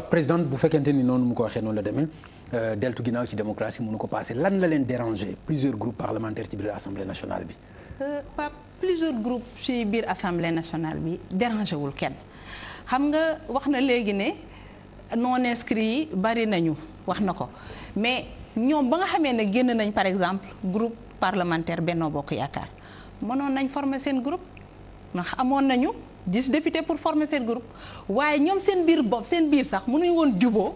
président bu fekkente ni noonu mu ko waxee noonu la demee euh, deltu ginnaaw ci démocratie mënu ko passé lan la leen déranger plusieurs groupes parlementaires ci biir assemblée nationale bi euh, pas plusieurs groupes ci biir assemblée nationale bi dérangé non inscrits yi bari nañu wax na ko mais ñoom ba nga xamee ne génn nañ par exemple groupe parlementaire Benno Bokk Yaakaar mënoon nañ former seen groupe ndax amoon nañu dix députés pour former seen groupe waaye ñoom seen biir bopp seen biir sax mënuñu woon juboo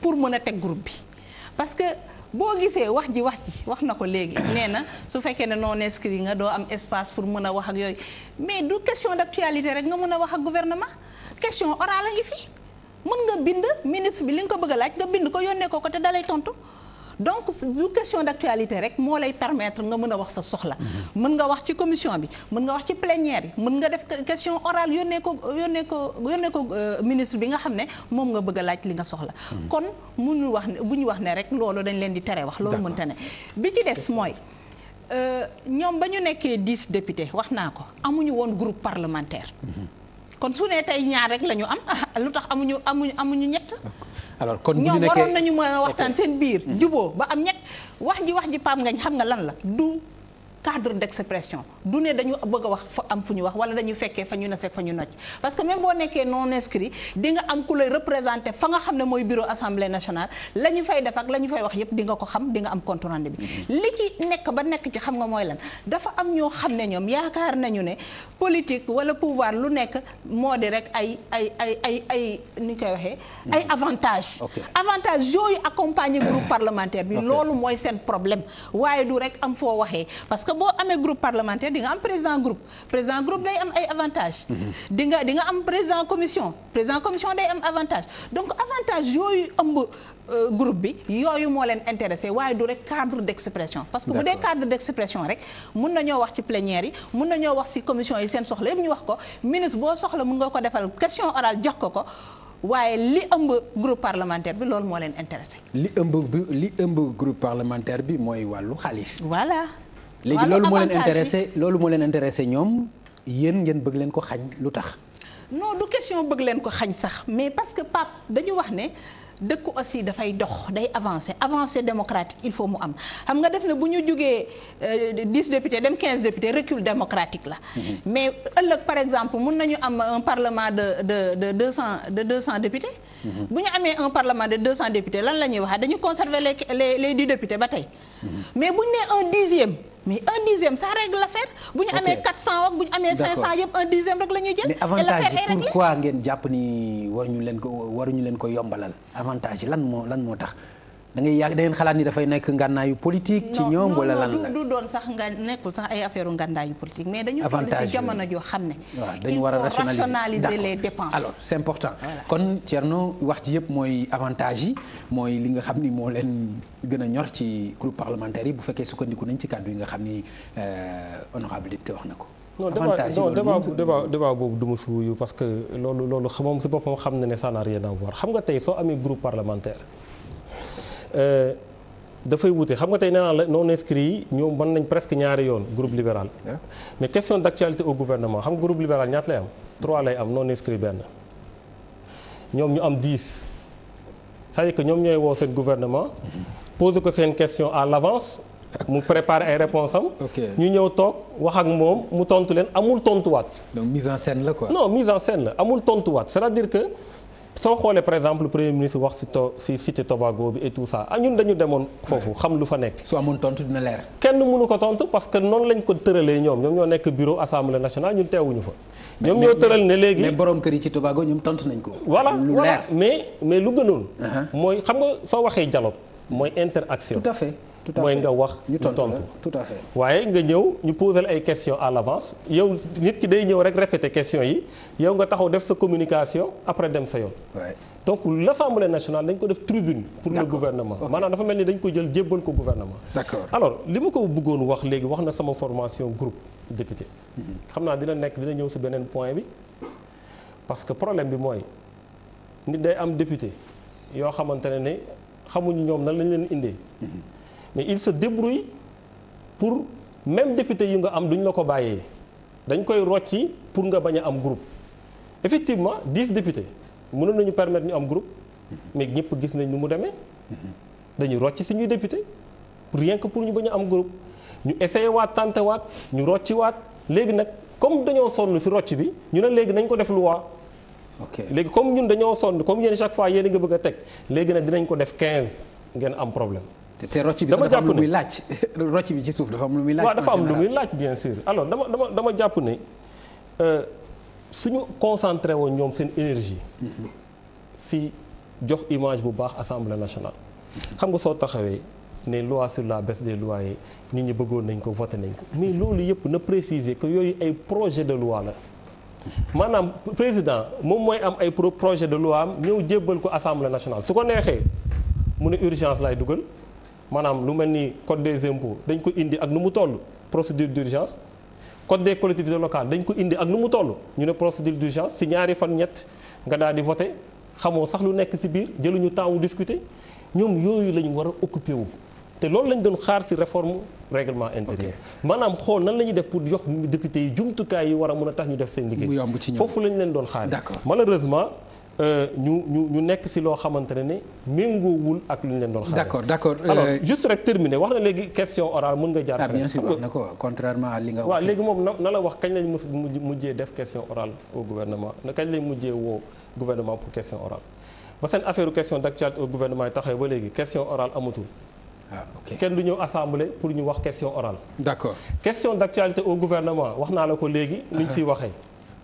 pour mën a teg groupe bi parce que boo gisee wax ji wax ji wax na ko léegi nee na su fekkee ne non inscrit nga doo am espace pour mën a wax ak yooyu mais du question d'actualité rek nga mën a wax ak gouvernement question orale mën nga bind ministre bi li nga ko bëgg a laaj nga bind ko yónnee ko ko te dalay tontu donc du question d'actualité rek moo lay permettre nga mën a wax sa soxla. Mm-hmm. mën nga wax ci commission bi mën nga wax ci plénière yi mën nga def question orale yónnee ko yónnee ko yónnee ko euh, ministre bi nga xam ne moom nga bëgg laaj li nga soxla. Mm-hmm. kon mu mënu wax ne bu ñu wax ne rek loolu dañ leen di tere wax. loolu mënta ne bi ci des mooy. Euh, ñoom ba ñu nekkee dix députés wax naa ko amuñu woon groupe parlementaire. Mm kon su ne tey ñaar rek la ñu am lu tax amuñu amuñu amuñu ñett. alors kon bu ñu nañu mën a waxtaan seen biir. Mhm. juboo ba am ñett wax ji wax ji paam ngañ xam nga lan la du. cadre d'expression du ne dañu bëgg a wax fa am fu ñu wax wala dañu fekkee fa ñu naseeg fa ñu nocc parce que même boo nekkee non inscrit di am ku lay représenté fa nga xam ne mooy bureau assemblée nationale la fay def ak la ñu fay wax yépp di nga ko xam di nga am compte rendu bi mm-hmm. li ci nekk ba nekk ci xam nga mooy lan dafa am ñoo xam ne ñoom yaakaar nañu ne politique wala pouvoir lu nekk moo di rek ay ay ay ay ay ni koy waxee mm-hmm. ay avantage avantage yooyu accompagner groupe parlementaire bi loolu mooy seen problème waaye du am foo waxee que boo amee groupe parlementaire di nga am président groupe président groupe day am ay avantages. Mm-hmm. di nga di nga am président commission président commission day am avantage donc avantage yooyu ëmb euh, groupe bi yooyu moo leen intéressé waaye du rek cadre d'expression. parce que bu dee cadre d'expression rek mun nañoo wax ci plénière yi mun nañoo wax ci commission yi seen soxla yëpp ñu wax ko ministre boo soxla mun nga ko defal question orale jox ko ko. waaye li ëmb groupe parlementaire bi loolu moo leen intéressé. li ëmb bi li ëmb groupe parlementaire bi mooy wàllu xaalis. voilà. léegi loolu moo leen intéressé loolu moo leen intéressé ñoom yéen ngeen bëgg leen ko xañ lu tax. non du question bëgg leen ko xañ sax mais parce que Pape dañu wax ne dëkk aussi dafay dox day avancer avancée démocratique il faut mu am xam nga def ne bu ñu jugee 10 euh, députés dem quinze députés recul démocratique la. Mm-hmm. mais ëllëg par exemple mun nañu am un parlement de de de 200 de 200 députés. Mm-hmm. bu ñu amee un parlement de 200 députés lan la ñuy waxaat dañu conserver les les les 10 députés ba tey. Mm-hmm. mais bu ñu nee mais un dixième ça règle l'affaire bu ñu amee 400 ak bu ñu amee 500 yëpp un dixième rek la jël. mais avantage pour koi ngeen jàpp ni waruñu leen ko waruñu leen ko yombalal avantage yi lan moo lan moo tax. da ngay yàgg da ngeen xalaat ni dafay nekk ngànnaayu politique. ci ñoom wala lan la du doon sax nga nekkul sax ay affaire ngànnaayu politique. mais dañu toll ci jamono joo xam ne. waaw dañu war a rationaliser les dépenses. alors c'est important kon Thierno wax yëpp mooy avantage yi mooy li nga xam ni moo leen gën a ñor ci groupe parlementaire yi bu fekkee sukkandiku nañ ci kàddu yi nga xam ni euh, honorable député wax na ko. avantage non débat débat débat boobu du ma si wuyu parce que loolu loolu moom si boppam xam na ne ça n'a rien à voir xam nga tey soo amee groupe parlementaire. Euh, dafay wute xam nga tey nee naa la non inscrits yi ñoom mën nañ presque ñaari yoon groupe libéral. mais question d' actualité au gouvernement xam nga groupe libéral ñaata lay am 3 lay am non inscrits benn ñoom ñu am 10 cest à que ñoom ñooy woo seen gouvernement. pose ko seen question à l' avance. mu préparer ay réponse am. ñu ñëw toog wax ak moom mu tontu leen amul tontuwaat. donc mise en scène la quoi. non mise en scène la amul tontuwaat c'est-à-dire que. soo xoolee par exemple premier ministre wax si to si cité Tobago bi et tout ça ah, ñun dañu demoon foofu xam lu fa nekk. su amoon tontu dina leer. kenn mënu ko tontu parce que noonu lañ ko tëralee ñoom ñoom ñoo nekk bureau assemblée nationale ñun teewuñu fa. ñoom ñoo tëral ne léegi mais borom kër yi ci Tobago ñoom tontu nañ ko. voilà voilà mais mais lu gënoon. Uh-huh. mooy xam nga soo waxee dialogue mooy interaction. tout à mooy nga wax ñu tontu tout à fait waaye nga ñëw ñu posé ay question à l'avance yow nit ki day ñëw rek répéter question yi yow nga taxaw def sa communication après dem sa yoon donc l'Assemblée national dañ ko def tribune pour le gouvernement maanaam dafa mel ni dañ ko jël jébbal ko gouvernement d'accord alors li ma ko bëggoon wax léegi wax na sama formation group député mm-hmm. xam naa dina nekk dina ñëw si beneen point bi parce que problème bi mooy nit day am député yoo xamante ne ne xamuñu ñoom nan lañ leen indee mm-hmm. mais il se débrouille pour même député yu nga am duñ la ko bàyyee dañ koy rocci pour nga bañ a am groupe effectivement dix députés mënoon nañu permettre ñu am groupe mais ñëpp gis nañ nu mu demee dañu rocci suñuy député rien que pour ñu bañ a am groupe ñu essayé waat tante waat ñu rocci waat léegi nag comme dañoo sonn si rocc bi ñu ne léegi nañ ko def loi ok léegi comme ñun dañoo sonn comme yéen chaque fois yéen a nga bëgg a teg léegi nag dinañ ko def quinze ngeen am problème te rocc bi dafa am lu muy laaj rocc bi ci suuf dafa am lu muy laaj. waaw dafa am lu muy laaj bien sûr alors dama dama dama jàpp ne euh, suñu concentré woon ñoom seen énergie. Mm-hmm. si jox image bu baax assemblée nationale. xam nga soo taxawee ne loi sur la baisse des loyers nit ñi bëggoon nañ ko voté nañ ko mais loolu yëpp na préciser que yooyu ay projet de loi la. Mm-hmm. maanaam président moom mooy am ay pro projet de loi am ñëw jébbal ko assemblée nationale su ko neexee mu ne urgence lay dugal. maanaam lu mel ni code des impôts dañ ko indi ak nu mu toll procédure d'urgence code des collectivités locale dañ ko indi ak nu mu toll ñu ne procédure d'urgence si ñaari fan ñett nga daal di voté xamoo sax lu nekk si biir jëluñu temps wu discuter ñoom yooyu lañ war a occupé wu te loolu lañ doon xaar si réforme règlement intérieur maanaam xool nan lañu def pour jox député yi jumtukaay yi war a mën a tax ñu def seen liggéey foofu lañ leen doon xaar malheureusement Euh, ñu ñu ñu nekk si loo xamante ne ne méngoowul ak lu ñu leen doon xaar. d'accord d'accord euh, alors juste rek terminer wax na léegi question orale mën nga jaar. ah bien euh, na ko contrairement à li nga. waaw léegi moom na la wax kañ lañ mujjee def question orale au gouvernement kañ lañ mujjee woo gouvernement pour question orale ba seen affaire question d'actualité au gouvernement yi taxawee ba léegi question orale amatul. ah kenn du ñëw assemblée pour ñu wax question orale. d'accord question d'actualité o gouvernement wax naa la ko léegi. ni ñu siy ah, ah. waxee.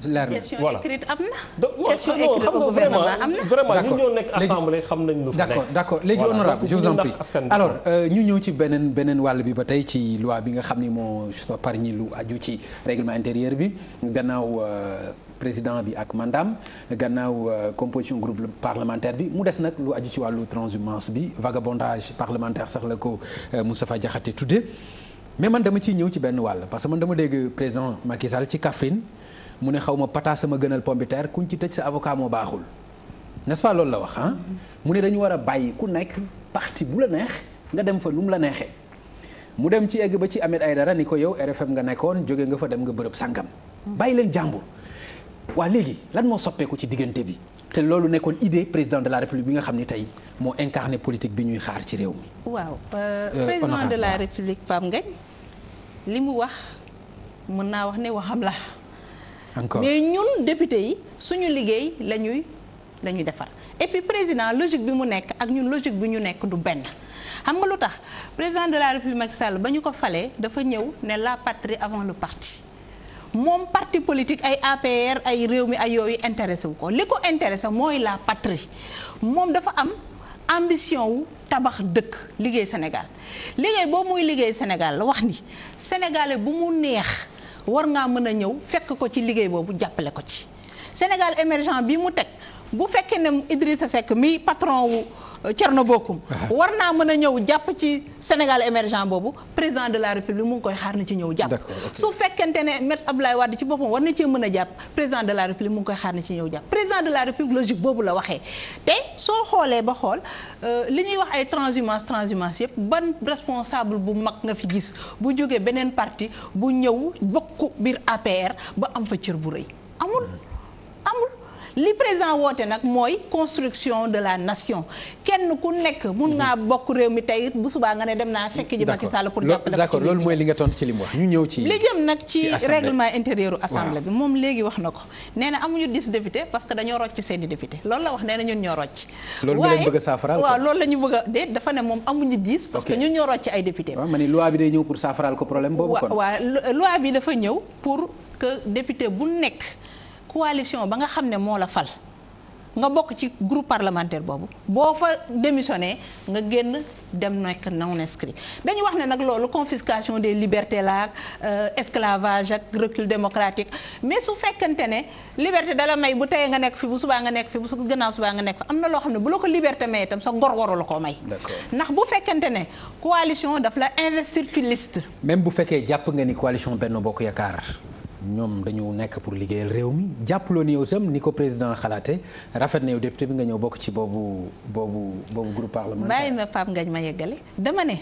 leer voilà écrite am na. donc question écrite au gouvernement am na vraiment ñun ñoo nekk assemblée xam nañ lu fa nekk. d'accord d'accord léegi honorable je vous en prie alors euh, ñu ñëw ci beneen beneen wàll bi ba tey ci loi bi nga xam ni moo parñi lu aju ci règlement intérieur bi gannaaw euh, président bi ak mandam gannaaw euh, composition groupe parlementaire bi mu des nag lu aju ci wàllu transhumance bi vagabondage parlementaire sax la ko Moustapha Diakhaté tudde mais man dama ciy ñëw ci benn wàll parce que man dama dégg président Macky Sall ci Kaffrine. mu ne xaw ma pataas sama gënal pompiteer kuñ ci tëj sa avocat moo baaxul n'est-ce pas loolu la wax ah mu ne dañu war a bàyyi ku nekk parti bu la neex nga dem fa lu mu la neexee mu dem ci egg ba ci ay Aïdara ni ko yow RFM nga nekkoon jóge nga fa dem nga bërëb sàngam bàyyi leen jàmbur waa léegi lan moo soppeeku ci diggante bi te loolu nekkoon idée président de la république bi nga xam ni tey moo incarné politique bi ñuy xaar ci réew mi. waaw euh, euh, président de la république Pape Ngagne li mu wax mën naa wax ne waxam la encore mais ñun député yi suñu liggéey la ñuy la defar et puis président logique bi mu nekk ak ñun logique bi ñu nekk du benn. xam nga lu tax président de la république Macky Sall ba ñu ko falee dafa ñëw ne la patrie avant le parti moom parti politique ay APR ay réew mi ay yooyu intéressé wu ko li ko intéressé mooy la patrie moom dafa am ambition wu tabax dëkk liggéey Sénégal liggéey boo muy liggéey Sénégal wax ni sénégalais bu mu neex. war ngaa mën a ñëw fekk ko ci liggéey boobu jàppale ko ci Sénégal émergent bi mu teg bu fekkee ne Idrissa Seck mi patron na Bocoum war naa mën a ñëw jàpp ci Sénégal émergent boobu président de la li mu ngi koy xaar na ci ñëw jàpp su fekkente ne maître Abdoulaye Wade ci boppam war na cee mën a jàpp président de la République mu ngi koy xaar na ci ñëw jàpp président de la République logique boobu la waxee te soo xoolee ba xool euh, li ñuy wax ay transhumance transhumance yëpp ban responsable bu mag nga fi gis bu jógee beneen parti bu ñëw bokk biir APR ba am fa cër bu rëy li président woote nag mooy construction de la nation kenn ku nekk mun ngaa mhm. bokk réew mi tey bu subaa nga ne dem naa fekk ji Macky Sall pour jàppale ko d'accord loolu mooy li nga tontu ci li mu wax ñu ñëw ci wax na ko nee na amuñu dix député parce que dañoo rocc seeni député loolu la wax nee a saafaraal la ñu bëgg a déet dafa ne moom amuñu dix parce que ñun ñoo rocc ay député waaw bi day ñëw pour saafaraal ko problème boobu kon waaw loi bi dafa ñëw pour que député bu nekk coalition ba nga xam ne moo la fal nga bokk ci groupe parlementaire boobu boo fa démissionné nga génn dem nekk non inscrit dañu wax ne nag loolu confiscation des libertés la ak euh, esclavage ak recul démocratique mais su fekkante ne liberté dala may bu teyee nga nekk fi bu subaa nga nekk fi bu su gannaaw subaa nga nekk fi am na loo xam ne bu la ko liberté may itam sa ngor waru la koo may ndax bu fekkante ne coalition daf la investir ci liste bu fekkee jàpp nga ni coalition Benno Bokk Yaakaar ñoom dañu nekk pour liggéeyal réew mi jàppaloo ni yow itam ni ko président xalaate rafet na yow député bi nga ñëw bokk ci boobu boobu boobu groupe parlementaire. bàyyi ma Pape Ngagne ma yeggale dama ne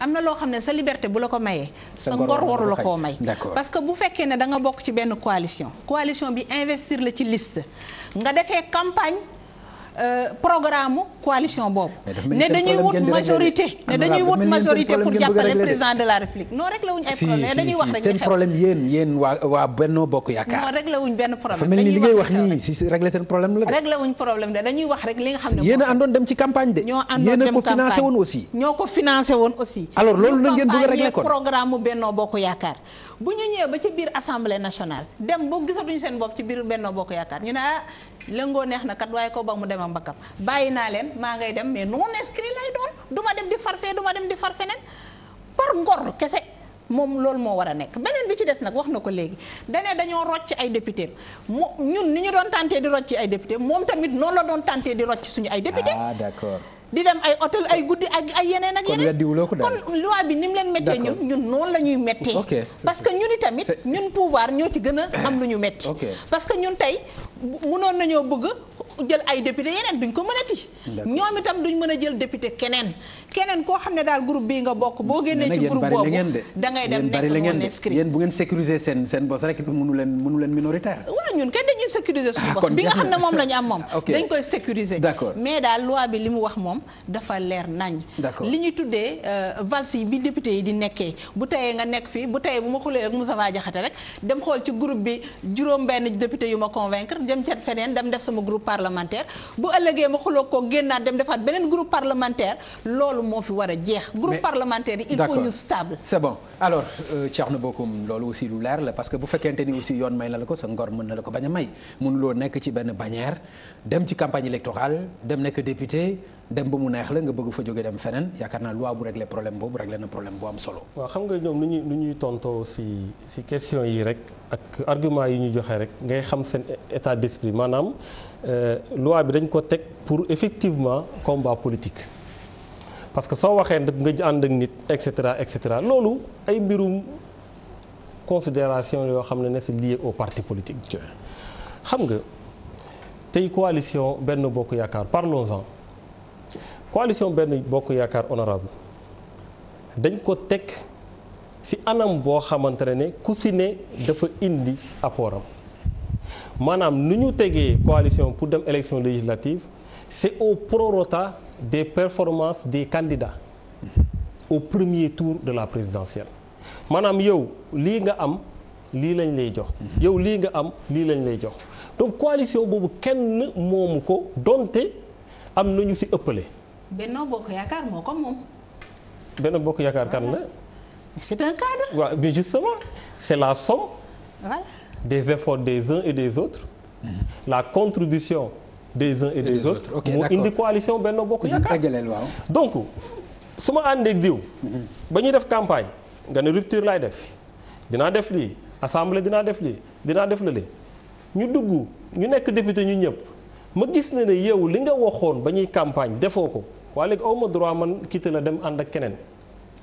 am na loo xam ne sa liberté bu la ko mayee. sa ngor waru la koo may. parce que bu fekkee ne danga bokk ci benn coalition. coalition bi investir la ci liste nga defee campagne. Euh, programme mu coalition boobu. ne dañuy wut majorité ah, ne dañuy wut majorité pour jàppale président de la République non réglé wuñ ay problème dañuy wax rek seen problème yéen yéen waa waa Benno Bokk Yaakaar. non réglé wuñ benn problème dañuy wax mel ni li ngay wax nii si réglé seen problème la de. réglé wuñ problème de dañuy wax rek li nga xam ne. yéen a àndoon dem ci campagne de. ñoo àndoon dem campagne yéen a ko financé woon aussi. ñoo ko financé woon aussi. alors loolu la ngeen bëgg a réglé kon programme mu Benno Bokk Yaakaar bu ñu ñëwee ba ci biir assemblée nationale dem boo gisatuñu seen bopp ci biir Benno Bokk Yaakaar ñu ne ah lëngoo neex na kat waaye ko ba mu dem ak mbakkam bàyyi naa leen maa ngay dem mais non inscrit lay doon du ma dem di farfee duma dem di farfeneen par ngor kese moom loolu moo war a nekk beneen bi ci des nag wax na ko léegi dane dañoo rocc ay député mu ñun ni ñu doon tàntee di rocc ay député moom tamit noonu la doon tàntee di rocc suñu ay député ah d'accord di dem ay hôtel ay guddi ak ay yeneen ak yeneen kon loi bi ni mu leen méttee ñun ñun noonu la ñuy méttee parce que ñun i tamit ñun ñoo ci gën am lu ñu métti parce que ñun tey mënoon nañoo bëgg jël ay député yeneen duñ ko mënati. ñoom itam duñ mën a jël député keneen. keneen koo xam ne daal groupe bii nga bokk boo génnee ci groupe boobu da dem nekk non inscrit bu ngeen sécuriser seen bos rek mënu leen leen minoritaire. waaw ñun kenn dañuy sécuriser suñu ah, bos bi nga xam ne moom la am moom. dañ koy sécuriser. mais daal loi li mu wax moom dafa leer nañ li ñu tuddee euh, valse yi bi député yi di nekkee bu tayee nga nekk fii bu tayee bu ma xulee parlementaire bu ëllëgee ma xuloo ko génnaat dem defaat beneen groupe parlementaire loolu moo fi war a jeex. groupe parlementaire yi il faut ñu stable. c'est bon alors euh, Thierno Bocoum loolu aussi lu leer la parce que bu fekkente ni aussi yoon may na la ko sa ngor mën na la ko bañ a may mënuloo nekk ci benn bannière dem ci campagne électorale dem nekk député. dem ba mu neex la nga bëgg fa jóge dem feneen yaakaar naa loi bu réglé problème boobu réglé na problème bu am solo. waaw xam nga ñoom nu ñuy nu ñuy tontoo si si question yi rek ak argument yi ñu joxe rek ngay xam seen état d'esprit maanaam euh, loi bi dañ ko teg pour effectivement combat politique. parce que soo waxee nag nga ànd ak nit et cetera et cetera loolu ay mbirum considération yoo xam ne ne c'est lié au parti politique. xam nga tey coalition benn Bokk Yaakaar parlons-en. coalition benn bokk yaakaar honorable dañ ko teg ci anam boo xamante ne ku si ne dafa indi apport am maanaam nu ñu tegee coalition pour dem élection législative c'est au prorota des performance des candida au premier tour de la présidentielle maanaam yow lii nga am lii lañ lay jox yow lii nga am lii lañ lay jox donc coalition boobu kenn moomu ko donte am na ñu si ëppale. Benno Bokk Yaakaar moo ko moom. Benno Bokk Yaakaar kan la. c'est un cadre. waaw mais justement c'est la somme. voilà des efforts des uns et des autres. Mhm. la contribution des uns et des autres. ok d'accord moo indi coalition Benno Bokk Yaakaar. waaw. donc su ma àndeeg diw. Mhm. ba ñuy def campagne nga ne rupture laay def dinaa def lii assemblée dinaa def lii dinaa def lële ñu dugg ñu nekk député ñu ñëpp. ma gis ne ne yow li nga waxoon ba ñuy campagne defoo ko waa léegi awma droit man kii te la dem ànd ak keneen.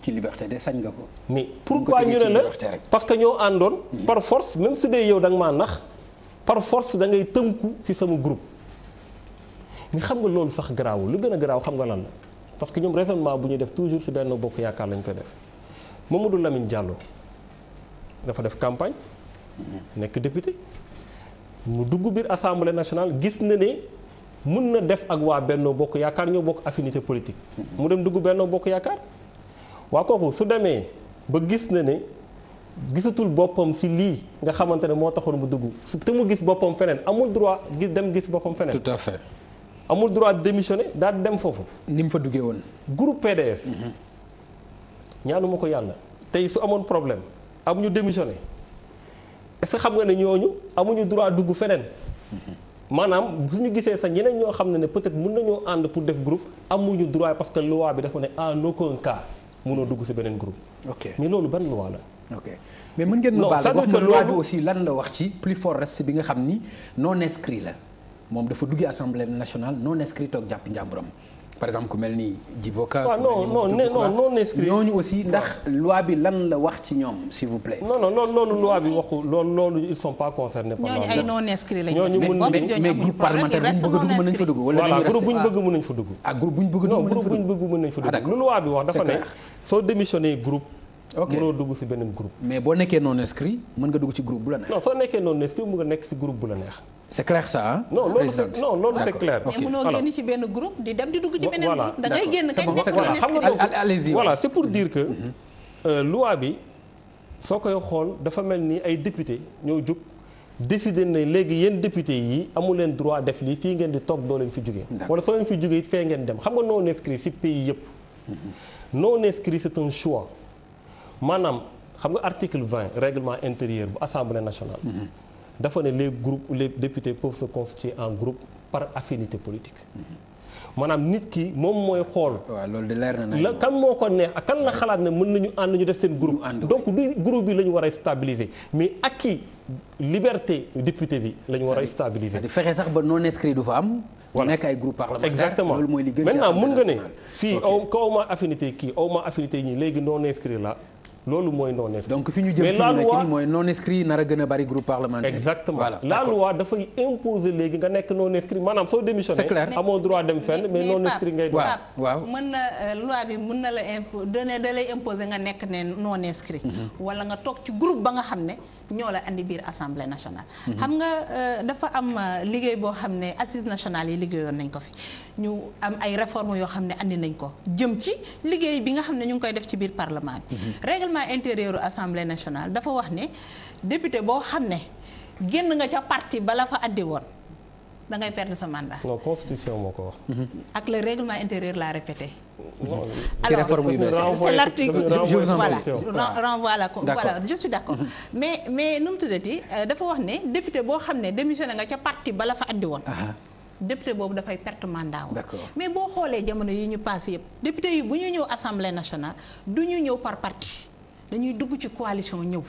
ci liberté de sañ nga ko. mais pourquoi ñu ne la parce que ñoo àndoon. Mm. par force même su dee yow danga nga nax par force da ngay tënku ci sama groupe. mais xam nga loolu sax garaaw lu gën a garaaw xam nga lan la parce que ñoom raisonnement bu ñuy def toujours si benn bokk yaakaar lañ koy def Mamadou Lamine Diallo dafa def campagne mm-hmm. nekk député. mu dugg biir assemblée nationale gis na ne mun na def ak waa Benno Bokk Yaakaar ñoo bokk affinité politique. mu dem dugg Benno Bokk Yaakaar waa kooku su demee ba gis na ne. gisatul boppam si lii nga xamante ne moo taxoon mu dugg te mu gis boppam feneen amul droit gis dem gis boppam feneen. tout à fait amul droit démissionner daal dem foofu. ni mu fa duggee woon. groupe PDS. Mm-hmm. ñaanuma ko yàlla tey su amoon problème am ñu démissionner. est xam nga ne ñooñu amuñu droit dugg feneen maanaam ñu gisee sax ñeneen ñoo xam ne ne peut-être mën nañoo ànd pour def groupe amuñu droit parce que loi bi dafa ne en aucun cas mënoo dugg si beneen groupe. ok mais loolu ban loi la. ok mais mën ngeen ma baal wax ma loi bi aussi lan la wax ci plus fort reste bi nga xam ni non inscrit la moom dafa dugg assemblée nationale non inscrit toog jàpp njàmburam. par exemple ku mel ni Djiboka. waaw non non non non inscrit ñooñu aussi ndax loi bi lan la wax ci ñoom s'il vous plaît. non non loolu loolu loi bi waxu loolu loolu ils sont pas concernés. par ñooñu ay non inscrit lañu. ñooñu mun mais groupe parlementaire bu ñu bëgg dugg mën nañu fa dugg. wala groupe bu ñu bëgg mën nañu fa dugg. ah groupe bu ñu bëgg mën nañu fa dugg non groupe bu ñu bëgg mën nañu fa dugg. lu loi bi wax dafa ne soo démissionné groupe. ok mënoo dugg si beneen groupe. mais boo nekkee non inscrit mën nga dugg ci groupe bu la neex. non soo nekkee non inscrit mën nga nekk si groupe bu la neex c'est clair ça hein? non loolu c'est non loolu c'est clair. génn ci benn groupe di dem di dugg ci beneen groupe. da ngay génn kay nekk voilà c'est pour mm-hmm. dire que. Mm-hmm. Euh, loi bi soo koy xool dafa mel ni ay député ñoo jug décider na léegi yéen député yi amu leen droit def lii fii ngeen di toog doo leen fi jugee. wala soo leen fi jugee it fee ngeen dem xam nga non inscrit ci pays yëpp. Mm-hmm. non inscrit c'est un choix maanaam xam nga article 20 règlement intérieur bu assemblée nationale. dafa ne les groupes les député peuvent se constituer en groupe par affinité politique maanaam nit ki moom mooy xool. waaw loolu de leer na la kan moo ko neex ak kan la xalaat ne mën nañu ànd ñu def seen groupe. donc du group bi la war a stabiliser mais ak ki liberté député bi la ñu war a stabiliser. fexe sax ba non inscrit du fa am. voilà nekk ay groupe exactement loolu mooy li gën maintenant mun nga ne fii aw ma affinité kii aw ma affinité ñi léegi non inscrit la loolu mooy non inscrit donc fi ñu jëm ci mooy non inscrit nar a gën a bari groupe parlementaire. exactement voilà dafay imposer léegi nga nekk non inscrit maanaam soo démissionné. c'est clair amoo droit dem fenn mais non inscrit ngay. Euh, na la impo donné da lay imposer nga nekk ne non inscrit. Mm-hmm. wala nga toog ci groupe ba nga xam ne ñoo la andi biir assemblée nationale. Mm-hmm. xam nga euh, dafa am euh, liggéey boo xam ne assises nationale yi liggéeyoon nañ ko fi ñu am ay réformes yoo xam ne indi nañ ko jëm ci liggéey bi nga xam ne ñu ngi koy def ci biir parlement bi. Mm-hmm. règlement intérieur u assemblée nationale dafa wax ne député boo xam ne génn nga ca parti bala fa addi woon da ngay perdre sa mandat. non constitution ko mhm. ak le règlement intérieur l'a répété. non mhm. ci réforme yu bees c'est l'article ko voilà je suis d'accord. Mhm. mais mais nu mu tuddati euh, wax ne député boo xam ne démissionné nga ca parti bala fa addi woon. député boobu dafay perte mandat woon. mais boo xoolee jamono yi ñu passé yëpp. député yi bu ñu ñëw assemblée nationale du ñu ñëw par parti. dañuy dugg ci coalition ñëw.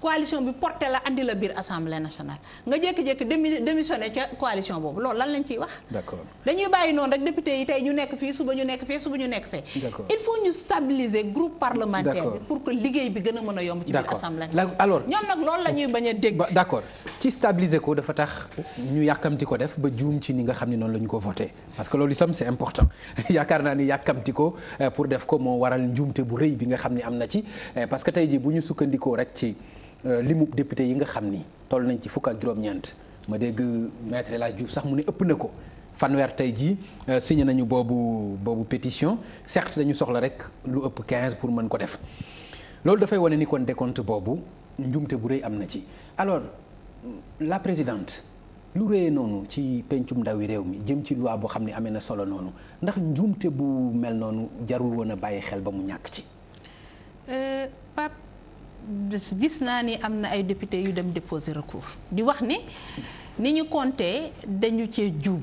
coalition bi porte la andi la biir assemblée nationale nga jékki-jékki démissionné ca coalition boobu loolu lan lañ wax. d'accord dañuy bàyyi noonu rek député yi tey ñu nekk fii suba ñu nekk fee suba ñu nekk fee. il faut ñu stabiliser groupe parlementaire pour que liggéey bi gën mën a yomb. ci biir assemblée alors ñoom nag loolu la bañ a dégg. d'accord ci stabiliser ko dafa tax ñu yàkkamti ko def ba juum ci ni nga xam ne noonu la ko voté parce que loolu itam c'est important yaakaar naa ni yàkkamti ko euh, pour def ko moo waral njuumte bu rëy bi nga xam ni am na ci euh, parce que tey jii bu ñu sukkandikoo rek ci euh, limub député yi nga xam ni toll nañ ci fukk ak juróom-ñeent ma dégg maître El Hadj sax mu ne ëpp na ko fanweer tey jii signé nañu boobu boobu pétition certes dañu soxla rek lu ëpp 15 pour mën ko def loolu dafay wane ni kon décompte boobu njuumte bu rëy am na ci alors la présidente. lu réyee noonu ci pencum ndawi réew mi jëm ci loi boo xam ne amee na solo noonu ndax njuumte bu mel noonu jarul woon a bàyyi xel ba mu ñàkk ci euh, Pape gis naa ni am na ay député yu dem déposer recours di wax ni ni ñu compté dañu cee juum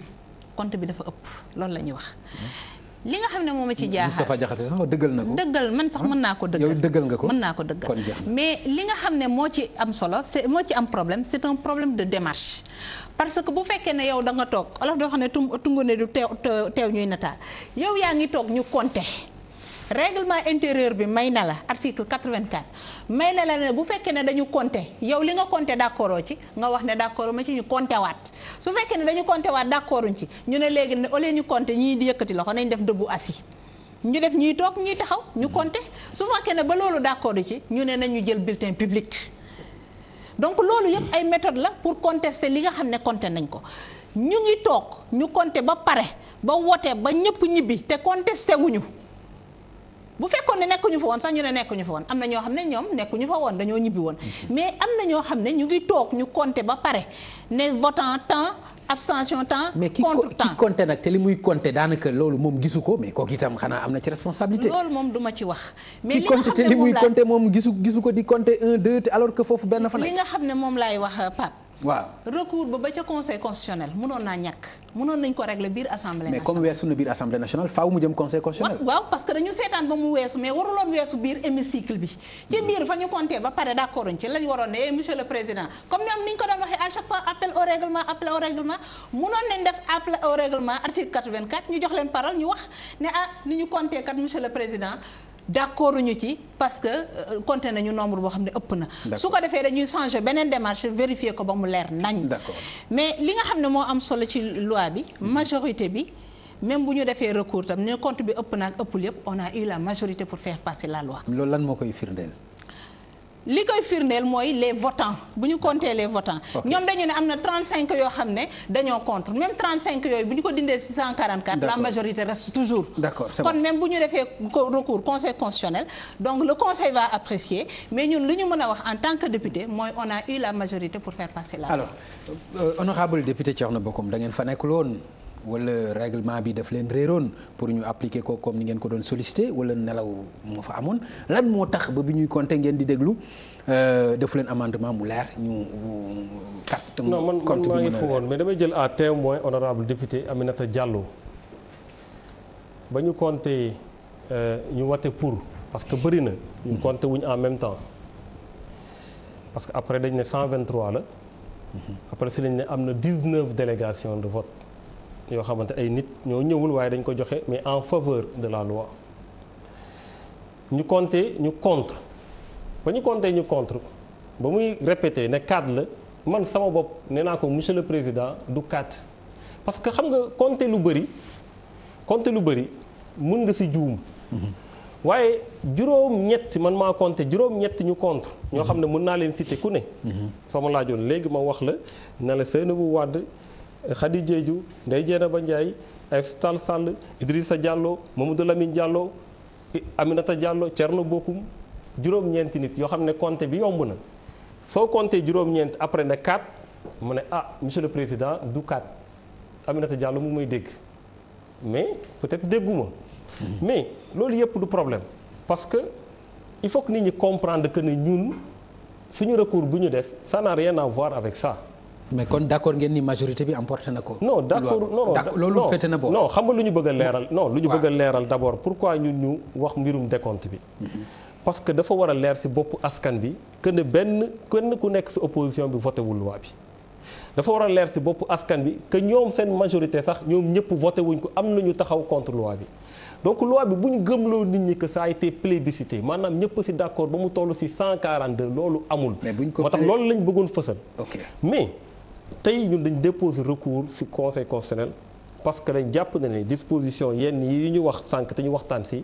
compte bi dafa ëpp loolu la ñuy wax mm-hmm. li nga xam ne moom a ci jaaxal Moustapha Diakhaté sax dëggal na ko dëggal man sax mën naa ko ah? dëggal yow dëggal nga ko mën naa ko dëggal mais li nga xam ne moo ci am solo c'est moo ci am problème c'est un problème de démarche parce que bu fekkee ne yow da nga toog olof doo xam ne tungu ne du teew teew ñuy nataal yow yaa ngi toog ñu konte reglement intérieur bi may na la article 84 may na la ne bu fekkee ne dañu compter yow li nga compter d'accord ci nga wax ne d'accord ma ci ñu compter waat su fekkee ne dañu compter waat d'accorduñ ci ñu ne léegi ne au ñu compter ñii di yëkkati loxo nañ def debout assis ñu def ñuy toog ñuy taxaw ñu compter su fekkee ne ba loolu d'accordu ci ñu ne nañu jël bulletin public donc loolu yëpp ay méthode la pour contester li nga xam ne compter nañ ko ñu ngi toog ñu compter ba pare ba wote ba ñëpp ñibbi te contester wuñu bu fekkoon ne nekkuñu fa woon sax ñu ne nekkuñu fa woon am na ñoo xam ne ñoom nekkuñu fa woon dañoo ñibbi woon mhm. mais am na ñoo xam ne ñu ngi toog ñu compter ba pare ne votant temps abstention temps contre mais ki compter nag te li muy compter daanaka loolu moom gisu ko mais kooku itam xanaa am na ci responsabilité. moom du ci wax. mais li nga xam ne moom te gisu gisu ko di compter un alors que foofu benn fa. li nga xam ne moom laay wax Pape. waaw recours ba ba ca conseil constitutionnel mënoon naa ñàkk mënoon nañ ko régler biir assemblée nationale mais comme weesu na biir assemblée nationale faaw mu jëm conseil constitutionnel. waaw parce que dañu seetaan ba mu weesu mais waruloon weesu biir hémicycle bi. ci biir fa ñu compté ba pare d' accord ci lañ waroon ne eh, monsieur le président comme ñoom ni ñu ko doon waxee à chaque fois appel au règlement appel au règlement mënoon nañ def appel au règlement article 84 ñu jox leen parole ñu wax ne ah ni ñu d'accord ñu ci parce que euh, compté nañu nombre boo xam ne ëpp na. su ko defee dañuy changer beneen démarche vérifier ko ba mu leer nañ. mais li nga xam ne moo am solo ci loi bi. Mhm. majorité bi même bu ñu defee recours tam ne compte bi ëpp na ak ëppul yëpp on a eu la majorité pour faire passer la loi. loolu lan moo koy firndeel. li koy firndeel mooy les votants bu ñu compter les votants. ñoom dañu ne am na 35 yoo xam ne dañoo contre même cinq yooyu bu ñu ko dindee 644. la majorité reste toujours. d'accord c'est bon kon même bu ñu defee recours conseil constitutionnel donc le conseil va apprécier mais ñun lu ñu mën a wax en tant que député mooy on a eu la majorité pour faire passer la. alors euh, honorable député Thierno Bocoum ngeen fa nekk loon wala réglement bi daf leen réeroon pour ñu appliquer ko comme ni ngeen ko doon solicité wala nelaw moo fa amoon lan moo tax ba bu ñuy compter ngeen di déglu euh, daf leen amendement mu leer ñu carte. non man man maa ngi fa mais damay jël à témoin honorable député Aminata Diallo ba ñu compter euh, ñu wate pour parce que bëri na. ñu mm-hmm. compter wuñ en même temps parce que après dañ ne cent 123 la. Mm-hmm. après si lañ ne am na 19 délégations de vote. yoo xamante ay nit ñoo ñëwul waaye dañ ko joxe mais en faveur de la loi ñu compter ñu contre ba ñu compter ñu contre ba muy répété ne cadre la man sama bopp nee naa ko monsieur le président du cadre parce que xam nga compter lu bëri compter lu bëri mën nga si juum. Mm-hmm. waaye juróom ñetti man maa compté juróom-ñett ñu contre ñoo mm-hmm. xam ne mën naa leen citer ku ne. Mm-hmm. sama laajoon léegi ma wax la ne la Seynabou wàdd Khady Diédhiou Ndeye Dieynaba Ndiaye Aïssata Tall Sall Idrissa Diallo Mamadou Lamine Diallo Aminata Diallo Thierno Bocoum juróom-ñeenti nit yoo xam ne compté bi yomb na soo compté juróom-ñeent après ne 4 mu ne ah monsieur le président du 4 Aminata Diallo mu may dégg mais peut-être dégguma hmm. mais loolu yëpp du problème parce que il faut que nit ñi comprendre que ne ñun suñu recours bu ñu def ça n'a rien à voir avec ça mais kon d' accord ngeen ni majorité bi emporté na ko. non d' accord non loolu féete na boor. non xam nga lu ñu bëgg a leeral. non lu ñu bëgg a leeral d' abord pourquoi ñun ñu wax mbirum décompte bi. Mm-hmm. parce que dafa war a leer si bopp askan bi que ne benn kenn ku nekk si opposition bi voté wul loi bi. dafa war a leer si bopp askan bi que ñoom seen majorité sax ñoom ñëpp voté wuñ ko am nañu taxaw contre loi bi. donc loi bi bu ñu gëmloo nit ñi que ça a été plébiscité maanaam ñëpp si d' accord ba mu toll si 142 loolu amul. mais moo tax loolu lañ bëggoon fësal. mais. tey ñun dañ déposer recours ci conseil constitutionnel parce que dañ jàpp na ne disposition yenn yi ñu wax sànq te ñu waxtaan ci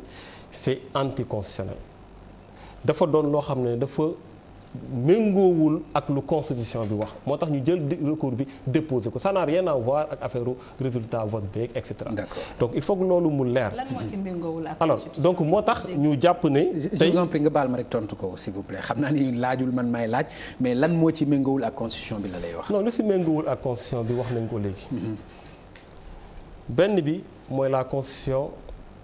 c'est anticonstitutionnel dafa doon loo xam ne dafa méngoowul ak lu constitution bi wax moo tax ñu jël recours bi déposé ko ça n'a rien à voir ak affaire résultat vote beeg et cetera. donc il faut loolu mu leer. lan moo donc moo tax ñu jàpp ne. tey je vous nga baal ma rek tontu ko s'il vous plaît xam naa ni laajul man may laaj mais lan moo ci méngoowul ak constitution bi la lay wax. non lu si méngoowul ak constitution bi wax nañ ko léegi. Mhm. benn bi mooy la constitution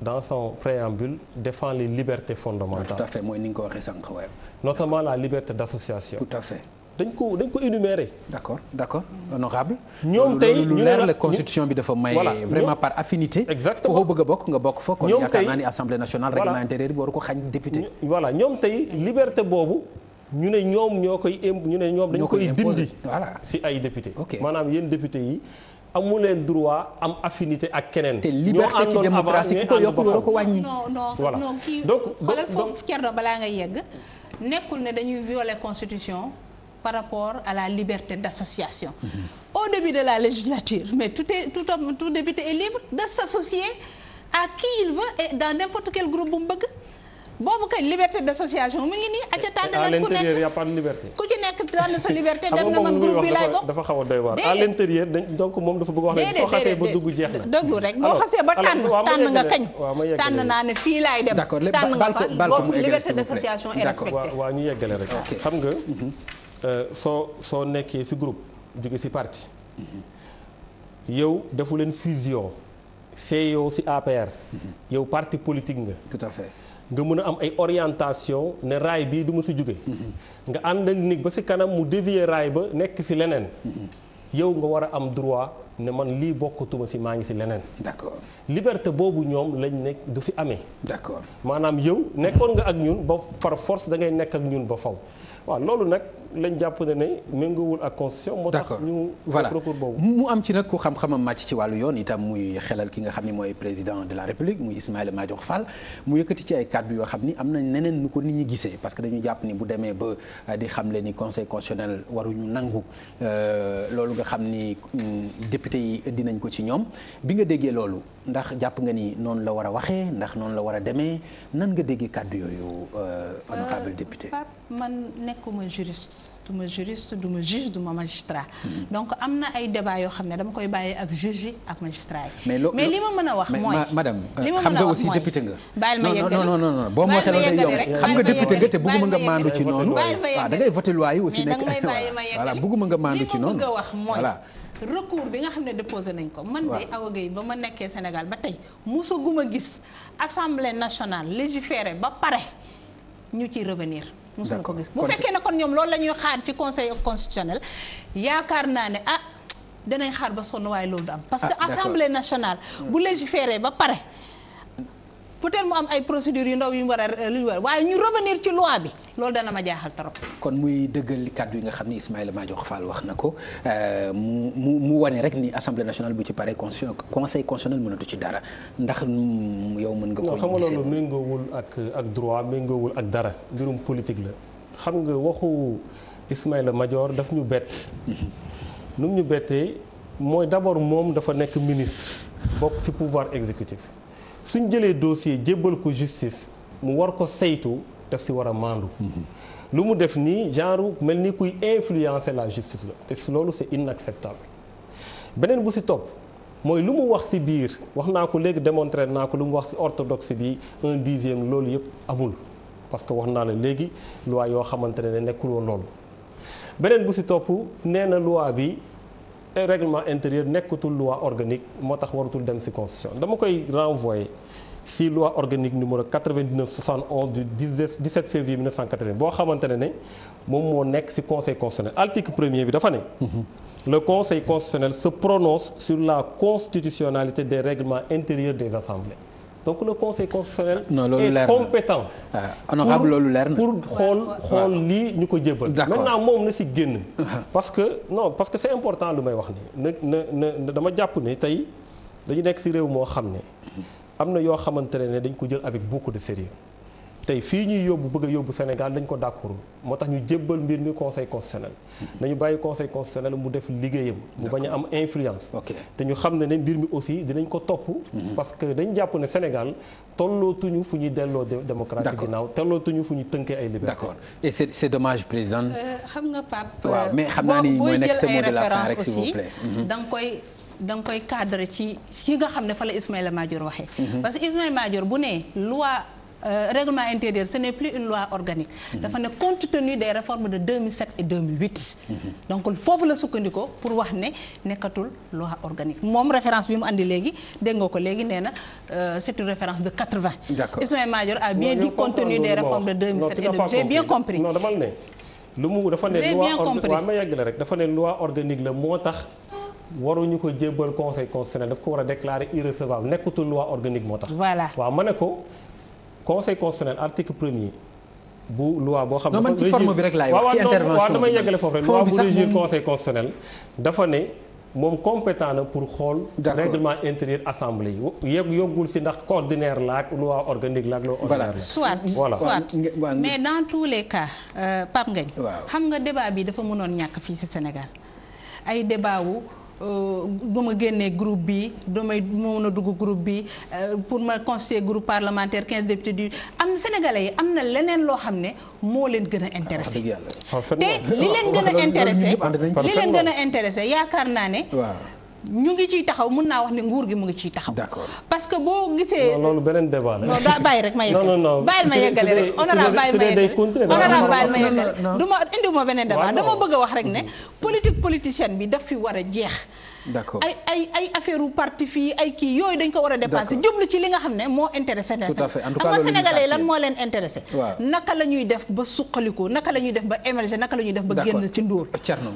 dans son préambule défend les libertés fondamentales. tout à fait mooy ni nga ko waxee sànq waaye. notamment la liberté d'association. tout à fait. dañ ko dañ ko énumérer. d'accord d'accord honorable ñoom tey lu leer la constitution bi dafa may. vraiment par affinité. exactement foo bëgg a bokk nga bokk fa. ñoom tey kon yaakaar naa ni assemblée ñoom tey liberté boobu. ñu ne ñoom ñoo koy ñu ne ñoom dañu koy dindi si ay député maanaam yéen député yi amu leen droit am affinité ak keneen. te liberté ci démocratie ku ko yokk waroo ko wàññi. non non non balaa nga yegg. nekkul ne dañuy violer constitution par rapport à la liberté d'association mm -hmm. au début de la législature mais tout tout homme tout député est libre de s'associer à qui il veut et dans n'importe quel groupe bu mu bëgg boobu kay liberté d'association mu ngi nii acca tànn leen ku nekk prendre sa liberté dem na man groupe bi laay bokk dafa xaw a doy waar à l'intérieur donc moom dafa bëgg wax ne soo xasee ba dugg jeex na déglu rek boo xasee ba tànn tànn nga kañ tànn naa ne fii laay dem tànn nga fa bokk liberté d'association est respectée waaw ñu yeggale rek xam nga mhm. euh, soo soo nekkee si groupe jóge si parti mhm. yow defu leen fusion seeyoo si APR mhm. yow parti politique nga tout à fait nga mun a am ay orientation ne raay bii du ma si jóge nga ànd nit ba si kanam mu dévier raay ba nekk si leneen yow nga war a am droit ne man lii bokkatuma si maa ngi si leneen d'accord liberté boobu ñoom lañ nekk du fi amee d'accord maanaam yow nekkoon nga ak ñun ba par force da ngay nekk ak ñun ba faw waaw loolu nag lañ jàpp ne ne méngoowul ak constitution moo tax ñu voilà recours boobu mu am ci nag ku xam-xamam màcc ci wàllu yoon itam muy xelal ki nga xam ni mooy président de la république muy Ismaïla Madior Fall mu yëkkati ci ay kàddu yoo xam ni am na neneen nu ko nit ñi gisee parce que dañu jàpp ni bu demee ba euh, di xam le ni conseil constitutionnel waruñu nangu euh, loolu nga xam ni mm, député yi indi nañ ko ci ñoom bi nga déggee loolu ndax jàpp nga ni noonu la war a waxee ndax noonu la war a demee nan nga déggee kàddu yooyu euh, honorable député man juriste du ma juriste du ma juge du magistrat. Hmm. donc am na ay débat yoo xam ne dama koy bàyyi ak juge yi ak magistrat yi. mais li ma mën a wax mooy madame li ma euh, mën a wax mooy xam ma yeggali recours bi nga xam ne déposé nañ ko man de Awa Gueye ba ma nekkee Sénégal ba tey mosaguma gis assemblée nationale légiféré ba pare ñu ci revenir musuñu ko gis bu fekkee ne kon ñoom lool la ñuy xaar ci conseil constitutionnel yaakaar naa ne ah danañ xaar ba sonn waaye loolu du am parce que ah, assemblée nationale bu légiféré ba pare peut-être mu am ay procédures yu ndaw yu war a euh, lu war waaye ñu revenir ci loi bi loolu dana ma jaaxal trop. kon muy dëggal li kàddu yi nga xam ni Ismaïla Madior Fall wax na ko euh, mu mu mu wane rek ni assemblée nationale bu ci pare conseil conseil constitutionnel mënatu ci dara ndax mm, yow mën nga. ko xam nga loolu méngoowul ak ak droit méngoowul ak dara mbirum politique la xam nga waxu Ismaïla Madior daf ñu bett. Mm-hmm. nu mu ñu bettee mooy d'abord moom dafa nekk ministre bokk ci pouvoir exécutif. suñ jëlee dossier jébbal ko justice mu war ko saytu daf si war a maandu. Mm-hmm. lu mu def nii genre mel ni kuy influencer la justice la te loolu c'est inacceptable beneen bu si topp mooy lu mu wax si biir wax naa ko léegi démontrer naa ko lu mu wax si orthodoxe bi un dixième loolu yëpp amul parce que wax naa la léegi loi yoo xamante ne nekkul woon loolu beneen bu si topp nee na bi règlement intérieur nekkatul loi organique moo tax waratul dem ci constitution dama koy renvoyer ci loi organique numéro 99 71 du 17 février 1980 boo xamante ne ne moom moo nekk ci conseil constitutionnel article premier bi dafa ne. le conseil constitutionnel se prononce sur la constitutionnalité des règlements intérieurs des assemblées. donc le conseil constitutionnel. non loolu leer est compétent. waaw ah, ah, loolu leer na pour xool xool lii ñu ko jébbal. maintenant moom na si génn. Ah, parce que non parce que c'est important lu may wax ni na na dama jàpp ne tey dañu nekk si réew moo xam ne am na yoo xamante ne dañ ko jël avec beaucoup de sérieux tey fii ñuy yóbbu bëgg a yóbbu Sénégal dañ ko d'accord moo tax ñu jébbal mbir mi conseil constitutionnel mm-hmm. nañu bàyyi conseil constitutionnel mu def liggéeyam mu bañ am influence te ñu xam ne ne mbir mi aussi dinañ ko topp mm-hmm. parce que dañ jàpp ne Sénégal tollootuñu fu ñuy delloo démocratie ginnaaw tollootuñu fu ñuy tënkee ay liberté d'accord et c'est c'est dommage président euh, xam nga Pape waaw euh, mais xam naa ni mooy nekk sa mot de la fin rek s'il vous plaît mm-hmm. danga koy da nga koy cadre ci ci nga xam ne fa la Ismaïla Madior waxee parce que Ismaïla Madior bu ne loi Euh, règlement intérieur ce n'est plus une loi organique. Mhm. dafa ne compte tenu des réformes de 2007 et 2008. Mhm. donc foofu la sukkandikoo pour wax ne nekkatul loi organique moom référence bi mu andi léegi dégg nga ko léegi nee na euh, c'est une référence de 80. d'accord Ismaël Madior a bien dit compte tenu des réformes de rek dafa ne loi organique la moo tax. waruñu ko jébbal conseil constitutionnel daf ko war a déclarer irrecevable organique moo tax. voilà waaw ma ne ko. conseil constitutionnel article premier bu loi boo xam ne. man ci forme bi rek laay wax ci intervention waaw damay yeggale foofu rek loi bu régir conseil constitutionnel dafa ne moom compétent na pour xool. règlement intérieur assemblée yi. yegg yoggul si ndax ordinaire laa ak loi organique la ak loi ordinaire la. soit soit mais dans tous les cas euh, Pape Ngagne. xam nga débat bi dafa mënoon ñàkk fii si senegal ay débat Euh, du ma génnee groupe bi du may mën a dugg groupe bi euh, pour ma constituer groupe parlementaire quinze députés du am sénégalais yi am na leneen loo xam ne moo leen gën a intéressé ah, te li leen gën a intéressé li leen gën a intéressé yaakaar naa ne ñu ngi ciy taxaw mun naa wax ne nguur gi mu ngi ciy taxaw. d'accord parce que boo gisee. non loolu beneen débat la. bàyyi rek ma yeggale. non non non bàyyil ma yeggale rek. honorable bàyyil ma yeggale honorable bàyyil ma yeggale. du ma indiwuma beneen débat dama bëgg wax rek ne politique politicienne bi daf fi war a jeex d'accord ay ay affaire u fii ay kii yooyu dañ ko war a dépasser jublu ci li nga xam ne moo intéressé tout à fait en tout cas sénégalais lan naka la def ba suqaliko naka la ñuy def ba émerger naka la ñuy def ba génn ci ndóor Thierno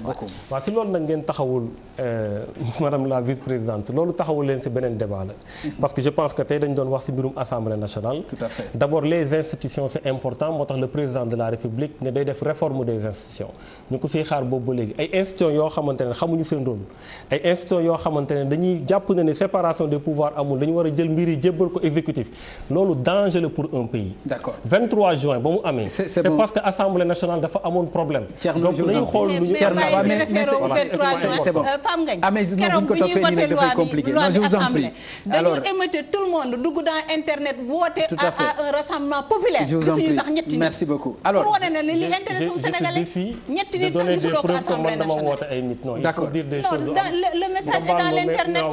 si loolu nag ngeen taxawul euh, madame la vice présidente loolu taxawul leen si beneen débat la parce que je pense que tey dañ doon wax si mbirum assemblée nationale tout à fait d'abord les institutions c'est important moo tax le président de la république ne day def réforme des institutions yoo xamante ne xamuñu seen rôle gestion yoo xamante ne dañuy jàpp ne ne séparation des pouvoirs amul dañu war a jël mbir yi jébbal ko exécutif loolu danger la pour un pays. d'accord 23 juin ba mu amee. c'est parce que assemblée nationale dafa amoon problème. donc nañu xool lu ñu. mais mais c'est bon euh, Pam Ngagne. amee ah, keroog bi ñuy wote loi bi loi bi assemblée. dañu émeute tout le monde dugg dans internet woote. tout à fait à un rassemblement populaire. gisuñu sax ñetti nit merci beaucoup alors. pour wane ne li intérêt wu Sénégalais ñetti nit sax gisuloo ko assemblée nationale. d'accord le message est dans l'internet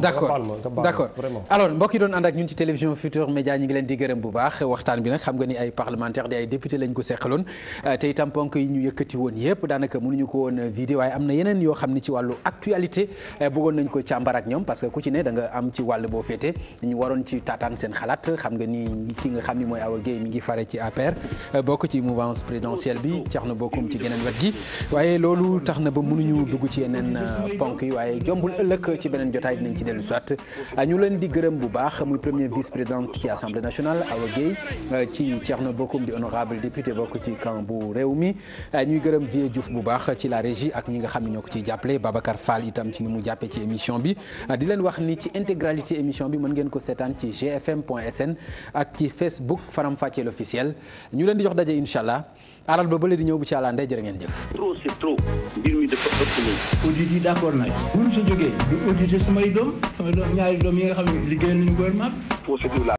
d'accord d'accord alors doon ànd ñun ci télévision Futur Média ñi ngi leen di gërëm bu baax waxtaan bi nag xam nga ni ay parlementaire di ay député lañ ko seqaloon euh, te ponk yi ñu yëkkati woon yëpp daanaka mënuñu ko woon euh, vidéo waaye am na yeneen yoo xam ne ci wàllu actualité euh, bëggoon nañ ko càmbar ñoom parce que ku ci ne da am ci wàll boo féete ñu waroon ci taataan seen xalaat xam nga ni ki nga xam ni mooy Awa Guèye mi ngi fare ci APR waaye jombul ëllëg ci beneen jotaay dinañ ci dellu soit ñu leen di gërëm bu baax muy premier vice présidente ci assemblée nationale Awa Gueye ci Thierno Bocoum di honorable député bokk ci camp bu réew mi ñuy gërëm Vieux Diouf bu baax ci la régie ak ñi nga xam ne ñoo ko ci jàppale Babacar faal itam ci ni mu jàppee ci émission bi di leen wax ni ci intégralité émission bi mën ngeen ko seetaan ci gfm.sn ak ci Facebook Faram Facce l'officiel ñu leen di jox daje incha allah alal ba bële di ñëw bu ci àllaan day jërë ngeen jëf. trop c'est trop mbir mi dafa ëpp léegi. audit yi d'accord nañ. bu ñu sa jógee du auditer samay doom ñaari doom yi nga xam ne liggéeyal nañu gouvernement. procédure la.